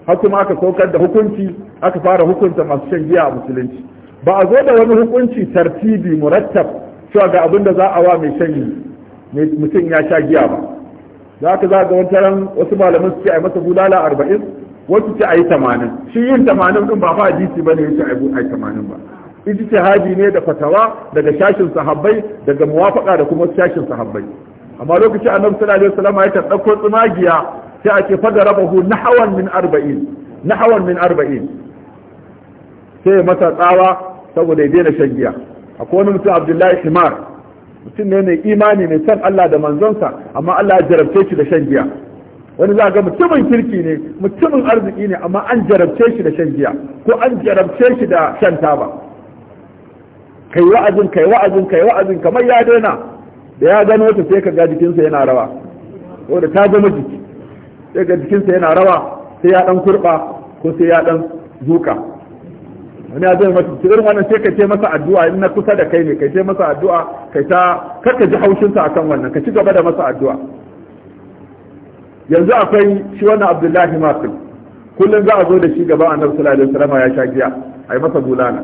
har kuma aka saukar da hukunci aka fara hukunta masu shan giya a musulunci ba a zo da wani hukunci tartibi murattab cewa ga abin da za a wa mai shan mutum ya sha giya ba za ka za ga wantaran wasu malaman su ce a masa bulala arba'in wasu ce a yi tamanin shi yin tamanin din ba fa hadisi ba ne ya ce a yi tamanin ba ce ijtihadi ne da fatawa daga shashin sahabbai daga muwafaka da kuma shashin sahabbai amma lokacin annabi sallallahu alaihi wasallam ya tadakko tsumagiya sai ake fada rabahu nahawan min arba'in nahawan min arba'in sai masa tsawa saboda ya daina shan giya akwai wani mutum abdullahi shimar. mutum ne mai imani mai san Allah da manzonsa amma Allah ya jarabce shi da shan giya wani za ga mutumin kirki ne mutumin arziki ne amma an jarabce shi da shan giya ko an jarabce shi da shan taba kai wa'azin kai wa'azin kai wa'azin kamar ya daina da ya gano ta sai ka ga jikinsa yana rawa ko da ta zama jiki sai ga jikinsa yana rawa sai ya dan kurba ko sai ya dan zuka wani zai masu irin wannan sai ka ce masa addu'a in na kusa da kai ne kai ce masa addu'a kai ta kar ka ji haushin sa akan wannan ka ci gaba da masa addu'a yanzu akwai shi wannan Abdullahi Makil kullum za a zo da shi gaba annabi sallallahu alaihi wasallam ya sha giya ai masa bulala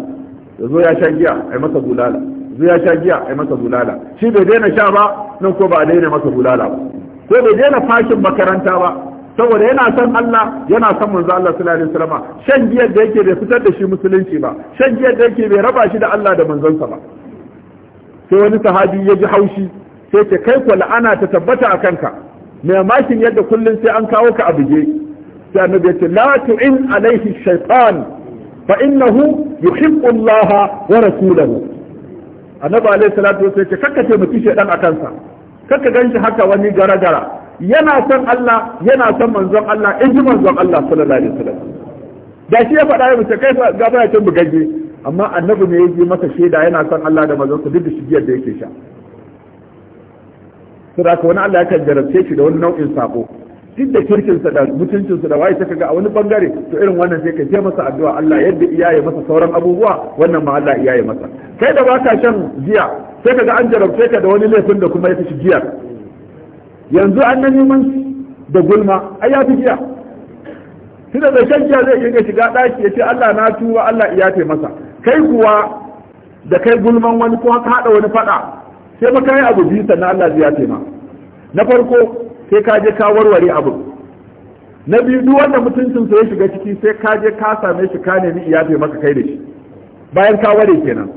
yanzu ya sha giya ai masa bulala yanzu ya sha giya ai masa bulala shi bai daina sha ba nan ko ba a daina masa bulala ba ko bai daina fashin makaranta ba saboda yana son Allah yana son manzo Allah sallallahu alaihi wasallam shan giyar da yake bai fitar da shi musulunci ba shan giyar da yake bai raba shi da Allah da manzonsa ba sai wani sahabi ya ji haushi sai ce kai ko la'ana ta tabbata a kanka mai makin yadda kullun sai an kawo ka a buge sai annabi ya ce la tu'in alaihi shaytan fa innahu yuhibbu Allah wa rasulahu annabi alaihi salatu wasallam ce kakkace mutum shedan a kansa kakka ganshi haka wani gara-gara yana son Allah yana son manzon Allah in ji manzon Allah sallallahu alaihi wasallam da shi ya faɗa ya mace kai ga bayan cin bugaje amma annabi ne yake masa shaida yana son Allah da manzon sa duk da shigiyar da yake sha ko wani Allah ya kan jarabce shi da wani nau'in sako duk da kirkin sa da mutuncin sa da waye saka kaga a wani bangare to irin wannan sai ka je masa addu'a Allah yadda iyaye masa sauran abubuwa wannan ma Allah iyaye masa kai da baka shan giya sai kaga an jarabce ka da wani laifin da kuma ya shi giyar yanzu an na neman da gulma ai ya fi jiya shi da giya zai iya shiga ɗaki ya ce Allah na tuwa Allah iya ce masa kai kuwa da kai gulman wani ko ka haɗa wani faɗa sai ba yi abu biyu sannan Allah zai yafe ma na farko sai ka je ka warware abu na biyu duk wanda mutuncin sa ya shiga ciki sai ka je ka same shi ka nemi iyafe maka kai da shi bayan ka ware kenan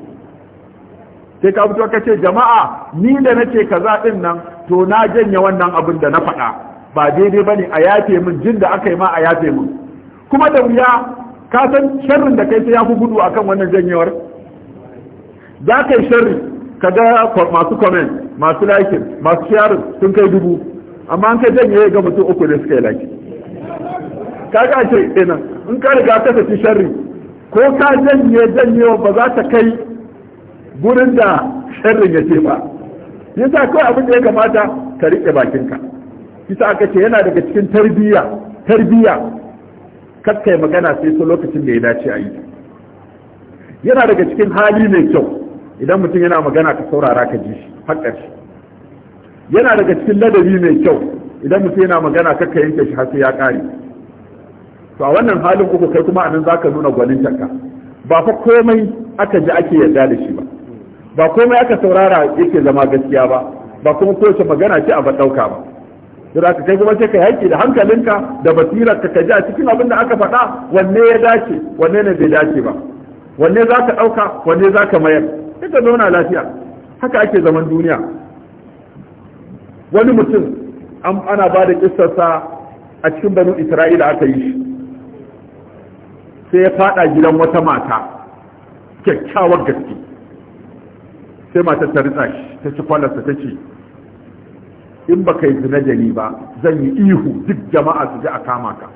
sai ka fito ka ce jama'a ni da nace kaza din nan to na janye wannan abin da na faɗa ba daidai bane a yafe min jin da aka yi ma a yafe min kuma da wuya ka san sharrin da kai sai ya fi gudu akan wannan janyewar za ka yi sharri ka ga masu comment masu like masu share sun kai dubu amma an kai janye ga mutum uku ne suka yi like ka ga ce ina in ka riga ka tafi sharri ko ka janye janyewa ba za ta kai gurin da sharrin ya ce ba yasa kawai abin da ya kamata ka riƙe bakinka kisa aka ce yana daga cikin tarbiyya tarbiyya kakka yi magana sai su lokacin da ya dace a yi yana daga cikin hali mai kyau idan mutum yana magana ka saurara ka ji shi hakkar shi yana daga cikin ladabi mai kyau idan mutum yana magana kakka yanke shi har sai ya kare to a wannan halin uku kai kuma anan zaka nuna gwanin ka ba fa komai aka ji ake yarda da shi ba ba komai aka saurara yake zama gaskiya ba ba kuma kowace magana ce a ba ɗauka ba da ka kai kuma sai ka yaki da hankalinka da basirarka ka ji a cikin abin da aka faɗa wanne ya dace wanne ne bai dace ba wanne za ka ɗauka wanne za ka mayar sai ka zauna lafiya haka ake zaman duniya wani mutum ana ba da kissarsa a cikin banu isra'ila aka yi shi sai ya faɗa gidan wata mata kyakkyawar gaske sai matar ta ritsa shi ta ci kwalarsa ta ce in ba kai zina da ni ba zan yi ihu duk jama'a su ji a kama ka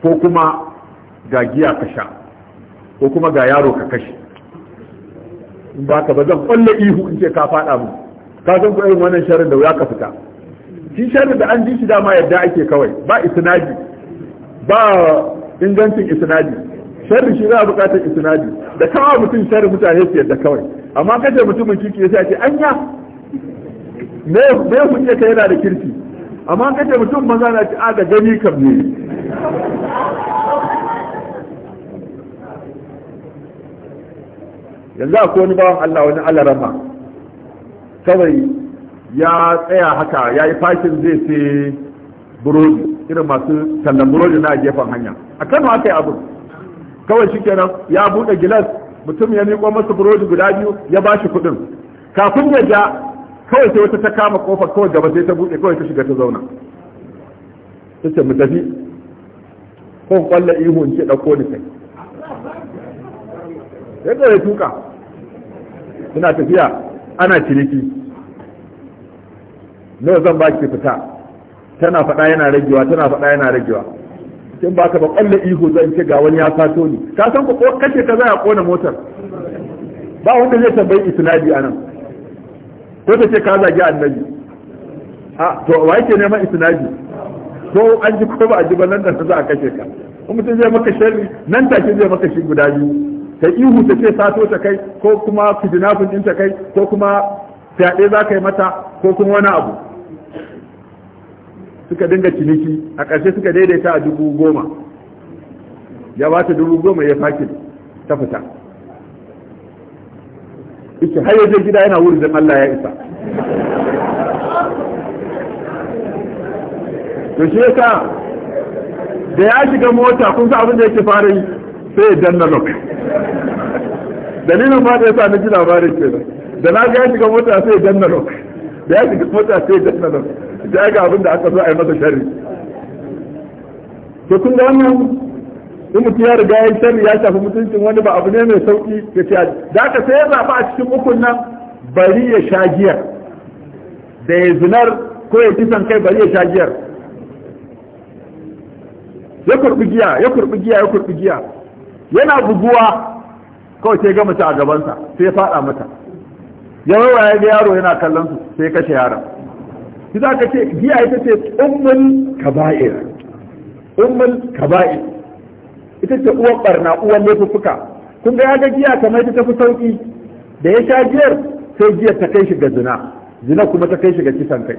ko kuma ga giya ka sha ko kuma ga yaro ka kashe in ba ka ba zan kwallo ihu in ce ka faɗa mu ka san irin wannan sharin da wuya ka fita shi sharin da an ji shi dama yadda ake kawai ba isnadi ba ingancin isnadi sharri shi za a buƙatar isnadi da kawai mutum shari mutane su yadda kawai amma kace mutumin kirki ya sai ce anya me me hujja ka yana da kirki amma kace mutum maza na ci a da gani kam ne yanzu akwai wani bawan Allah wani alarama kawai ya tsaya haka ya yi fashin zai sai burodi irin masu tallan burodi na gefen hanya a kano aka yi abin kawai shikenan ya buɗe gilas mutum ya miƙo masa burodi guda biyu ya ba shi kuɗin kafin ya ja kawai sai wata ta kama kofar kawai gaba sai ta buɗe kawai ta shiga ta zauna ta ce mu tafi ko kwalla ihu in ce ɗauko ni kai ya ya tuka suna tafiya ana ciniki nawa zan ba ki fita tana faɗa yana ragewa tana faɗa yana ragewa in ba ka ba kwalle ihu zan ce ga wani ya sato ni ka san ko kace ka za a kona motar ba wanda zai tambayi isnadi anan ko ta ce ka zagi annabi a to wa yake neman isnadi ko an ji ko ba a ji ba nan da za a kace ka kuma mutum zai maka sharri nan take zai maka shi guda biyu ta ihu ta ce sato ta kai ko kuma kidnapping din ta kai ko kuma fyaɗe za ka yi mata ko kuma wani abu suka dinga ciniki a ƙarshe suka daidaita a dubu goma ya ba ta dubu goma ya fakin ta fita ita har yaje gida yana wurin don Allah ya isa to shi yasa da ya shiga mota kun sa abin da yake fara yi sai ya danna lok dalilin fata yasa na ji labarin ke da na ga ya shiga mota sai ya danna lok da ya shiga mota sai ya danna lok ya ga abin da aka so a yi masa shari. to kun ga wannan in mutum ya riga ya shari ya shafi mutuncin wani ba abu ne mai sauki ya ce da aka sai ya zaɓa a cikin ukun nan bari ya sha giyar da ya zinar ko ya kisan kai bari ya sha giyar ya kurɓi giya ya kurɓi giya ya kurɓi giya yana buguwa kawai sai ga mace a gabansa sai ya faɗa mata ya rawa ya ga yaro yana kallon su sai kashe yaron shi za ka ce giya ita ce umman kaba'ir umman kaba'ir ita ce uwar barna uwar laifuffuka kun ga ya ga giya kamar ita tafi sauki da ya sha giyar sai giyar ta kai shi ga zina zina kuma ta kai shi ga kisan kai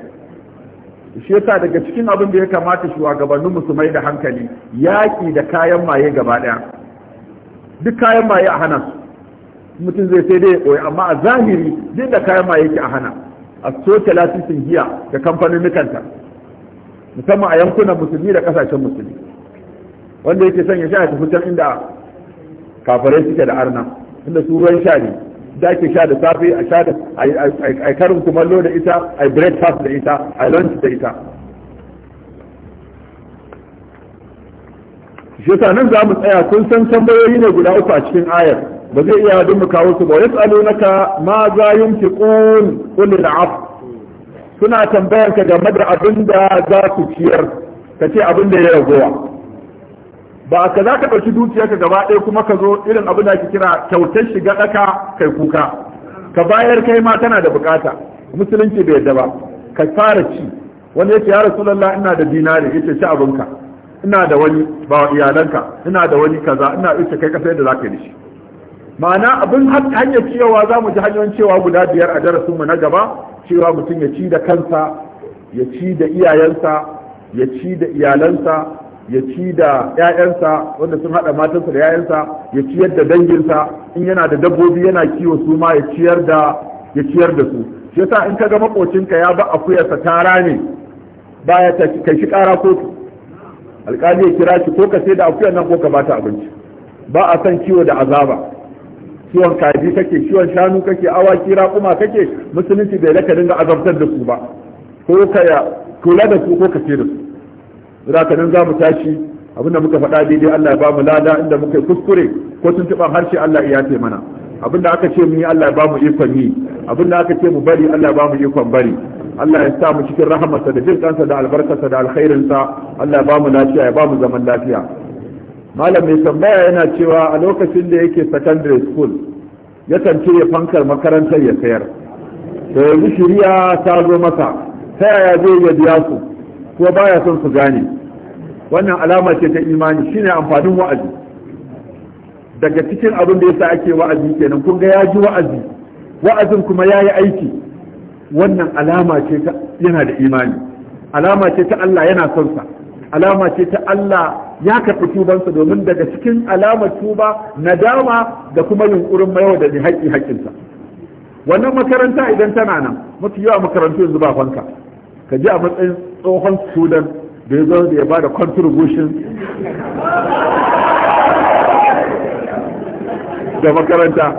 shi yasa daga cikin abin da ya kamata shugabannin musulmai da hankali yaƙi da kayan maye gaba ɗaya duk kayan maye a hana mutum zai sai dai koyi amma a zahiri duk da kayan maye ke a hana a soke lasisin giya da kamfanin musamman a yankunan musulmi da kasashen musulmi wanda yake sanya ya sha tafi can inda kafarai suke da arna inda su ruwan sha ne da ake sha da safe a sha da a karin kumallo da ita a breakfast da ita a lunch da ita shi nan za mu tsaya kun san tambayoyi ne guda uku a cikin ayar ba zai iya duk mu kawo su ba ka ma za yunfiqun qul al'af suna tambayar ka game da abin da za su ciyar ka ce abin da ya ragowa ba ka za ka ɗauki dukiyarka gaba ɗaya kuma ka zo irin abin da ake kira kyautar shiga ɗaka kai kuka ka bayar kai ma tana da bukata musulunci bai yadda ba ka fara ci wani yace ya rasulullah ina da dinari yace ci abinka ina da wani ba iyalanka ina da wani kaza ina ita kai kasa yadda zaka yi shi ma'ana abin hanyar cewa za mu ji hanyoyin cewa guda biyar a darasin mu na gaba cewa mutum ya ci da kansa ya ci da iyayensa ya ci da iyalansa ya ci da 'ya'yansa wanda sun haɗa matansa da 'ya'yansa ya ciyar da danginsa in yana da dabbobi yana kiwo su ma ya ciyar da ya ciyar da su shi yasa in ka ga makocinka ya ba akuyarsa tara ne baya ta kai shi ƙara kotu alƙali ya kira shi ko ka sai da akuyar nan ko ka bata abinci ba a san kiwo da azaba Ciwon kaji kake ciwon shanu kake awaki raƙuma kake musulunci bai laka dinga azabtar da su ba ko ka kula da su ko ka ce da su zaka nan za mu tashi abinda muka faɗa daidai Allah ya ba mu lada inda muka kuskure ko tuntuɓan harshe Allah ya ce mana abinda aka ce mu yi Allah ya ba mu ikon yi abinda aka ce mu bari Allah ya ba mu ikon bari Allah ya sa mu cikin rahamarsa da jin kansa da albarkarsa da alkhairinsa Allah ya ba mu lafiya ya ba mu zaman lafiya malam mai tambaya yana cewa a lokacin da yake secondary school ya yakan ya fankar makarantar ya sayar da yanzu shirya ta zo masa ta yaya zai ya biya su ko baya son su gane wannan alama ce ta imani shine amfanin wa'azi daga cikin abin da yasa ake wa'azi kenan kun ga ya ji wa'azi wa'azin kuma ya yi aiki wannan alama ce ta yana da imani alama ce ta Allah yana son sa alama ce ta Allah ya karɓi tubansa domin daga cikin alama tuba nadama da kuma yunkurin maiwa da haƙƙi haƙƙinsa wannan makaranta idan tana nan mafi yawa makarantu yanzu ba fanka ka ji a matsayin tsohon sudan da ya da ya bada contribution da makaranta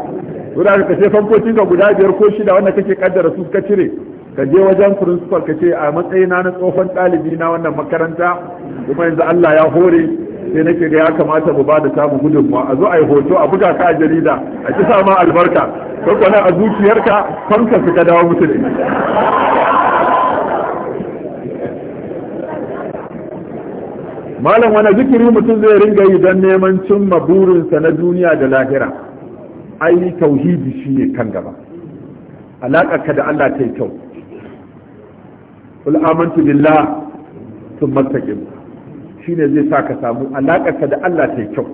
wadda ka ce fankokin ka guda biyar ko shida wanda kake kaddara su ka cire ka je wajen principal ka ce a matsayina na tsohon ɗalibi na wannan makaranta kuma yanzu Allah ya hore sai nake ga ya kamata mu ba da tamu gudunmuwa a zo a yi hoto a buga ka a jarida a ci ma albarka kwakwana a zuciyarka fanka su ka dawo mutu malam wani zikiri mutum zai ringa yi don neman cimma burinsa na duniya da lahira ai tauhidi shi ne kan gaba alaƙarka da Allah ta yi kyau kul amantu billah thumma Shi shine zai sa ka samu alakarka da Allah ta kyau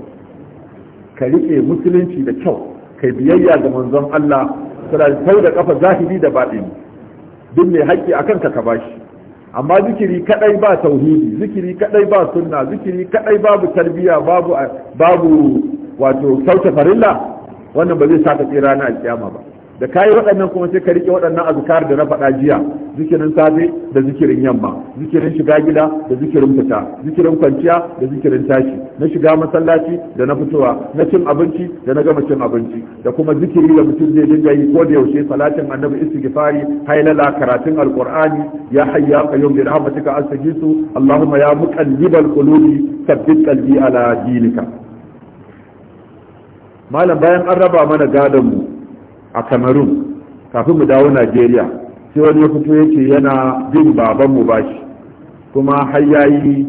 ka riƙe musulunci da kyau kai biyayya ga manzon Allah sau da ƙafa zahiri da baɗini duk mai haƙƙi akan ka ka bashi amma zikiri kadai ba tauhidi zikiri kadai ba sunna zikiri kadai babu tarbiyya, babu babu wato sauke farilla wannan ba zai sa ka tsira na alƙiyama ba da ka yi waɗannan kuma sai ka riƙe waɗannan azkar da na faɗa jiya zikirin safe da zikirin yamma zikirin shiga gida da zikirin fita zikirin kwanciya da zikirin tashi na shiga masallaci da na fitowa na cin abinci da na gama cin abinci da kuma zikiri da mutum zai dinga yi ko da yaushe salatin annabi istighfari hailala karatun alqur'ani ya hayya qayyum bi rahmatika astajisu allahumma ya muqallibal qulubi thabbit qalbi ala dinika malam bayan an raba mana gadon mu a cameroon kafin mu dawo najeriya sai wani ya fito yake yana bin baban mu bashi kuma har yayi yi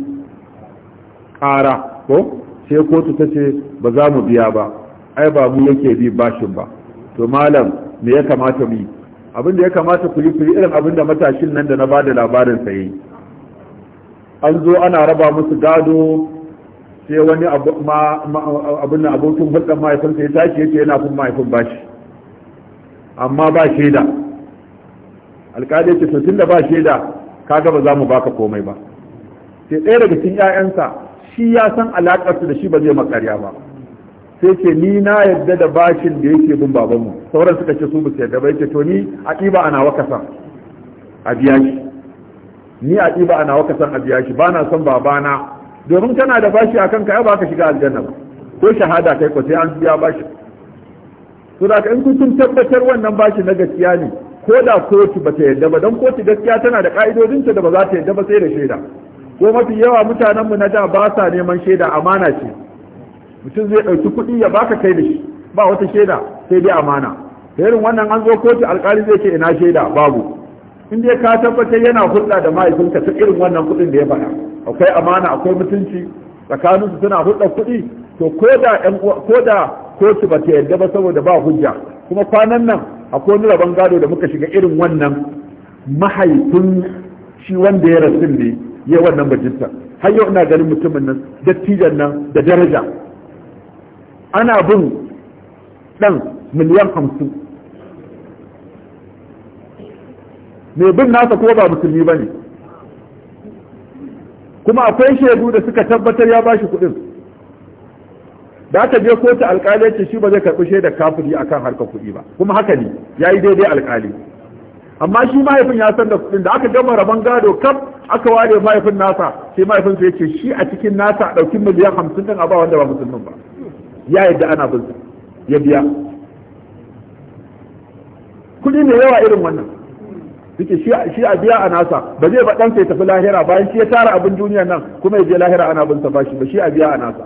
ƙara ko sai kotu ta ce ba za mu biya ba ai ba mu yake bi bashin ba to malam me ya kamata mu yi abin da ya kamata ku yi kuri irin abin da matashin nan da na bada labarin sa yi an zo ana raba musu gado sai wani abu abin abokin hulɗar mahaifinsa ya tashi yake yana kun mahaifin bashi amma ba shaida Alƙalai ce tun da ba shaida ka gaba za mu baka komai ba sai ɗaya daga cikin ƴaƴansa shi ya san alaƙarsu da shi ba zai makarya ba sai ce ni na yadda da bashin da yake bin babanmu sauran suka ce su ba su yadda ba yake to ni a ɗiba ana waka san a biya shi ni a ɗiba ana waka san a biya shi ba na son babana domin kana da bashi a kanka ya ba ka shiga aljanna ko shahada kai ko sai an biya bashin? to da in kun tabbatar wannan bashi na gaskiya ne ko da kotu ba ta yadda ba don kotu gaskiya tana da ka'idodinta da ba za ta yadda ba sai da shaida ko mafi yawa mutanen mu na da ba sa neman shaida amana ce mutum zai ɗauki kuɗi ya baka kai da shi ba wata shaida sai dai amana da irin wannan an zo kotu alƙali zai ce ina shaida babu in dai ka tabbatar yana hulɗa da mahaifinka ta irin wannan kuɗin da ya faɗa akwai amana akwai mutunci tsakaninsu suna hulɗa kuɗi to ko da kotu ba ta yadda ba saboda ba hujja kuma kwanan nan akwai wani rabon gado da muka shiga irin wannan mahaifin shi wanda ya rasu ne ya wannan bajinta har yau ina ganin mutumin nan dattijan nan da daraja ana bin dan miliyan hamsin mai bin nasa kuma ba musulmi ba ne kuma akwai shaidu da suka tabbatar ya bashi shi kuɗin da ta je kotu alkali ce shi ba zai karɓi shaida kafiri akan harkar kuɗi ba kuma haka ne ya yi daidai alkali amma shi mahaifin ya san da kuɗin da aka gama rabon gado kaf aka ware mahaifin nasa sai mahaifin ya ce shi a cikin nasa a ɗauki miliyan hamsin ɗin a ba wanda ba musulmin ba ya yadda ana bin ya biya kuɗi mai yawa irin wannan suke shi a biya a nasa ba zai ba ɗansa ya tafi lahira bayan shi ya tara abin duniya nan kuma ya je lahira ana bin sa ba shi ba shi a biya a nasa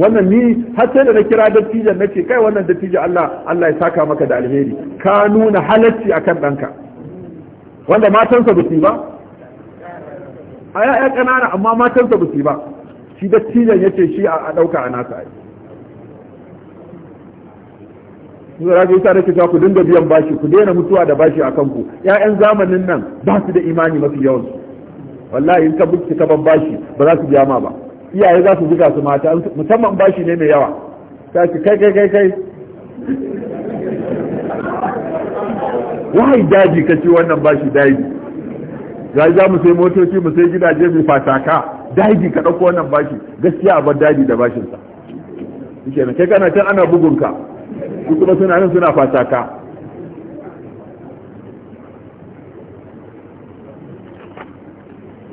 wannan ni har sai da na kira dattijan na ce kai wannan dattijan Allah Allah ya saka maka da alheri ka nuna halacci akan danka. wanda matansa ba su ba a ya ƙanana amma matansa ba su ba shi dattijan ya ce shi a ɗauka a nasa ai su da rafi sa nake ku dinga biyan bashi ku daina mutuwa da bashi a kanku ƴaƴan zamanin nan ba su da imani mafi yawansu wallahi in ka ka ban bashi ba za su biya ma ba iyaye za su buga su mata musamman bashi ne mai yawa ta ce kai kai kai kai wahai daji ka ce wannan bashi daji za za mu sai motoci mu sai gidaje mu fataka daji ka ɗauko wannan bashi gaskiya a bar daji da bashinsa shike kai kana can ana bugunka su kuma suna nan suna fataka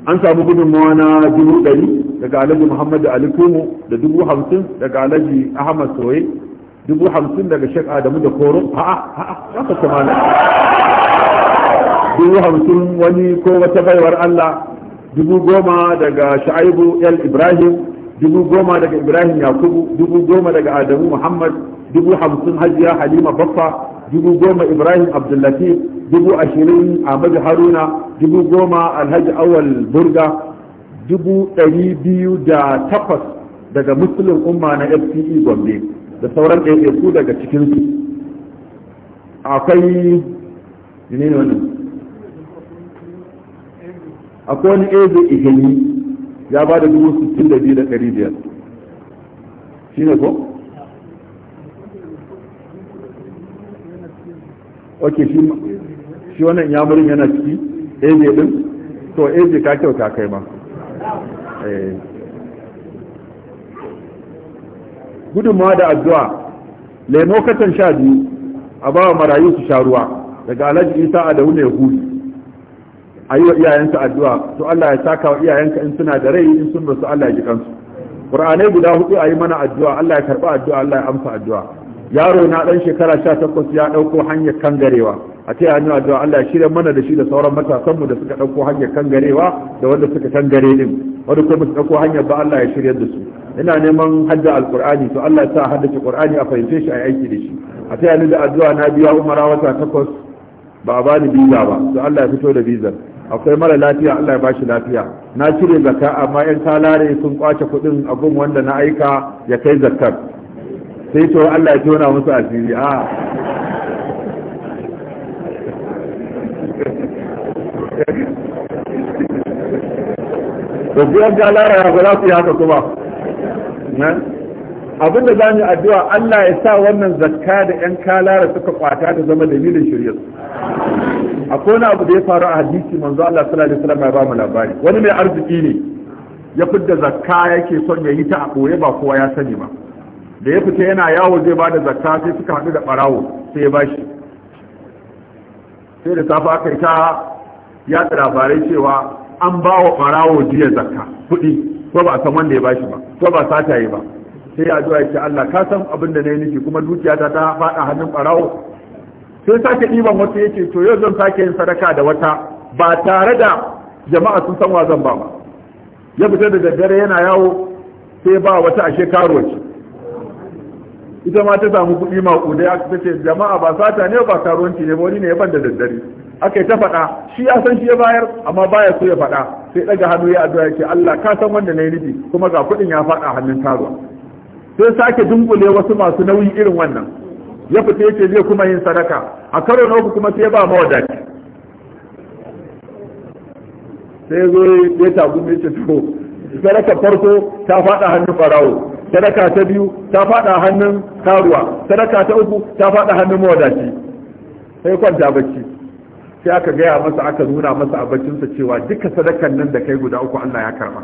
an samu gudunmawa na dubu ɗari daga alhaji muhammad ali kumu da dubu hamsin daga alhaji ahmad soye dubu hamsin daga shek adamu da koro a'a a'a haka tamana dubu hamsin wani ko wata baiwar allah dubu goma daga sha'ibu el ibrahim dubu goma daga ibrahim yakubu dubu goma daga adamu muhammad dubu hamsin hajiya halima baffa dubu goma ibrahim abdullatif dubu ashirin ahmad haruna dubu goma alhaji awal burga dubu ɗari biyu da takwas daga musulun umma na fce gombe da sauran ɗaiɗaiku daga cikinsu akwai ne wani akwai wani ezo igeni ya ba da dubu sittin da biyu da ɗari biyar shi ne ko? ok shi wannan yamurin yana ciki ezo ɗin to ezo ka kyauta kai ma Eh. gudunmawa da addu'a lemo katan sha biyu a bawa marayu su sha ruwa daga alhaji isa a da wune hudu a yi wa iyayensa addu'a to Allah ya saka wa iyayenka in suna da rai in sun rasu Allah ya ji kansu ƙur'anai guda hudu a yi mana addu'a Allah ya karɓi addu'a Allah ya amsa addu'a yaro na dan shekara 18 ya dauko hanyar kangarewa a ce hannu Allah ya shirya mana da shi da sauran matasan mu da suka dauko hanyar kangarewa da wanda suka kangare din wanda kuma su dauko hanyar ba Allah ya shirya da su ina neman hadda alqur'ani to Allah ya sa haddace qur'ani a fahimce shi a aiki da shi a ce da addu'a na biya umara wata takwas ba a bani biza ba to Allah ya fito da bizar akwai mara lafiya Allah ya bashi lafiya na cire zakka amma yan talare sun kwace kuɗin abun wanda na aika ya kai zakkar sai to Allah ya tona musu asiri a to biyar da ya ba za su haka kuma abin da zamu addu'a Allah ya sa wannan zakka da yan kalara suka kwata da zama dalilin shari'a akwai wani abu da ya faru a hadisi manzo Allah sallallahu alaihi wasallam ya ba mu labari wani mai arziki ne ya fidda zakka yake son ya yi ta a koye ba kowa ya sani ba da ya fita yana yawo zai ba da zakka sai suka haɗu da ɓarawo sai ya bashi sai da safa aka yi ta yaɗa labarai cewa an ba wa ɓarawo jiya zakka kuɗi ko ba a san wanda ya bashi ba ko ba sata yi ba sai ya zuwa ya Allah ka san abin da na yi nufi kuma dukiyata ta faɗa hannun ɓarawo sai sake ɗiban wata yake to yau zan sake yin sadaka da wata ba tare da jama'a sun san wa zan ba ba ya fita da daddare yana yawo sai ba wata ashe karuwa ce ita ma ta samu kuɗi maƙudai aka ce jama'a ba sata ne ba karuwanci ne ba wani ne ya da daddare aka yi ta faɗa shi ya san shi ya bayar amma baya so ya faɗa sai ɗaga hannu ya addu'a ya ce Allah ka san wanda na yi nufi kuma ga kuɗin ya faɗa hannun karuwa sai sake dunkule wasu masu nauyi irin wannan ya fita yake zai kuma yin sadaka a karo na uku kuma sai ya ba mawadaci sai zo ya tagumi ya ce to sadaka farko ta faɗa hannun farawo sadaka ta biyu ta fada hannun karuwa sadaka ta uku ta fada hannun mawadaci sai kwanta bacci sai aka gaya masa aka nuna masa a baccinsa cewa duka sadakan nan da kai guda uku Allah ya karba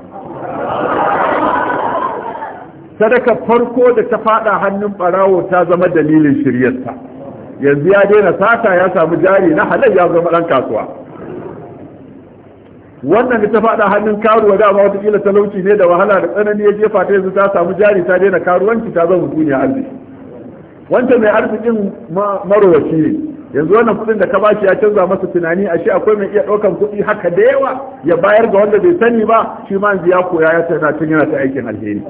sadaka farko da ta fada hannun barawo ta zama dalilin shiryarsa yanzu ya daina sata ya samu jari na halayya ya zama dan kasuwa wannan da ta faɗa hannun karuwa dama watakila talauci ne da wahala da tsanani ya jefa ta yanzu ta samu jari ta daina karuwanci ta zama ya arziki wancan mai arzikin marowaci ne yanzu wannan kuɗin da ka ba shi ya canza masa tunani ashe akwai mai iya ɗaukan kuɗi haka da yawa ya bayar ga wanda bai sani ba shi ma yanzu ya koya ya tana tun yana ta aikin alheri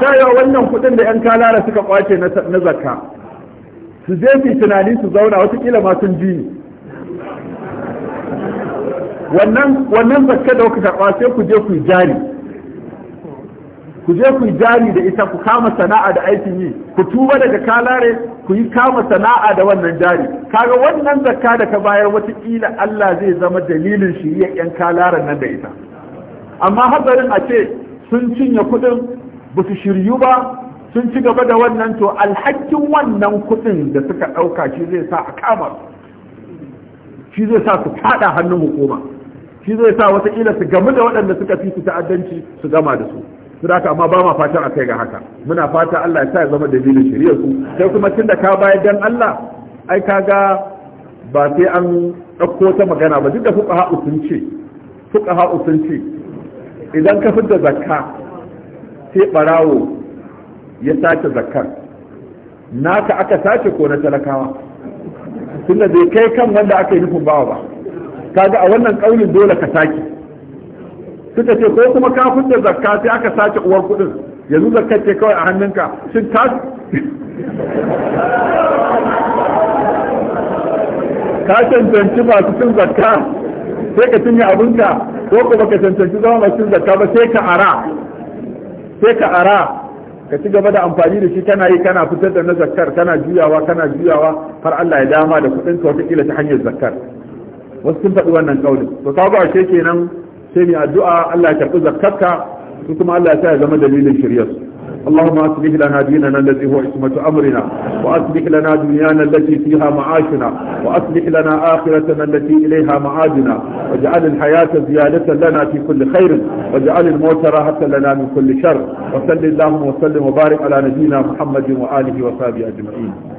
ta wannan kuɗin da 'yan kalara suka kwace na zakka su je su tunani su zauna watakila ma sun ji wannan wannan zakka da kuka karba sai ku je ku jari ku je ku jari da ita ku kama sana'a da aikin yi ku tuba daga kalare ku yi kama sana'a da wannan jari kaga wannan zakka da ka bayar watakila Allah zai zama dalilin shiriyar yan kalaran nan da ita amma hadarin a ce sun cinye kuɗin ba su shiryu ba sun ci gaba da wannan to alhakin wannan kuɗin da suka ɗauka shi zai sa a kama shi zai sa su faɗa hannun hukuma shi zai sa wata kila su gamu da waɗanda suka fi su ta'addanci su gama da su su haka amma ba ma fatan a kai ga haka muna fata Allah ya sa ya zama da dalilin shirya su sai kuma tunda ka bayar dan Allah ai ka ga ba sai an ɗauko ta magana ba duk da fuqaha sun ce fuqaha sun idan ka da zakka sai barawo ya sace zakkar naka aka sace ko na talakawa tunda bai kai kan wanda aka yi nufin bawa ba kaga a wannan kaulin dole ka saki suka ce ko kuma ka fitar zakka sai aka sace uwar kudin yanzu zakka ce kawai a hannunka shin ta ka cancanci masu cin zakka sai ka cinye abinka ko kuma ka cancanci zama masu cin zakka ba sai ka ara sai ka ara ka ci gaba da amfani da shi kana yi kana fitar da na zakkar kana juyawa kana juyawa har Allah ya dama da kudin ka wata ta hanyar zakkar wasu sun faɗi wannan kauli to ka ga ashe kenan sai mai addu'a Allah ya karɓi zakkarka su kuma Allah ya sa ya zama dalilin shiryar Allahumma aslih lana dinana alladhi huwa ismatu amrina wa aslih lana dunyana allati fiha ma'ashuna wa aslih lana akhiratana allati ilayha ma'adina wa ja'al alhayata ziyadatan lana fi kulli khair wa ja'al almauta rahatan lana min kulli shar wa sallallahu wa sallim wa barik ala nabiyyina muhammadin wa alihi wa sahbihi ajma'in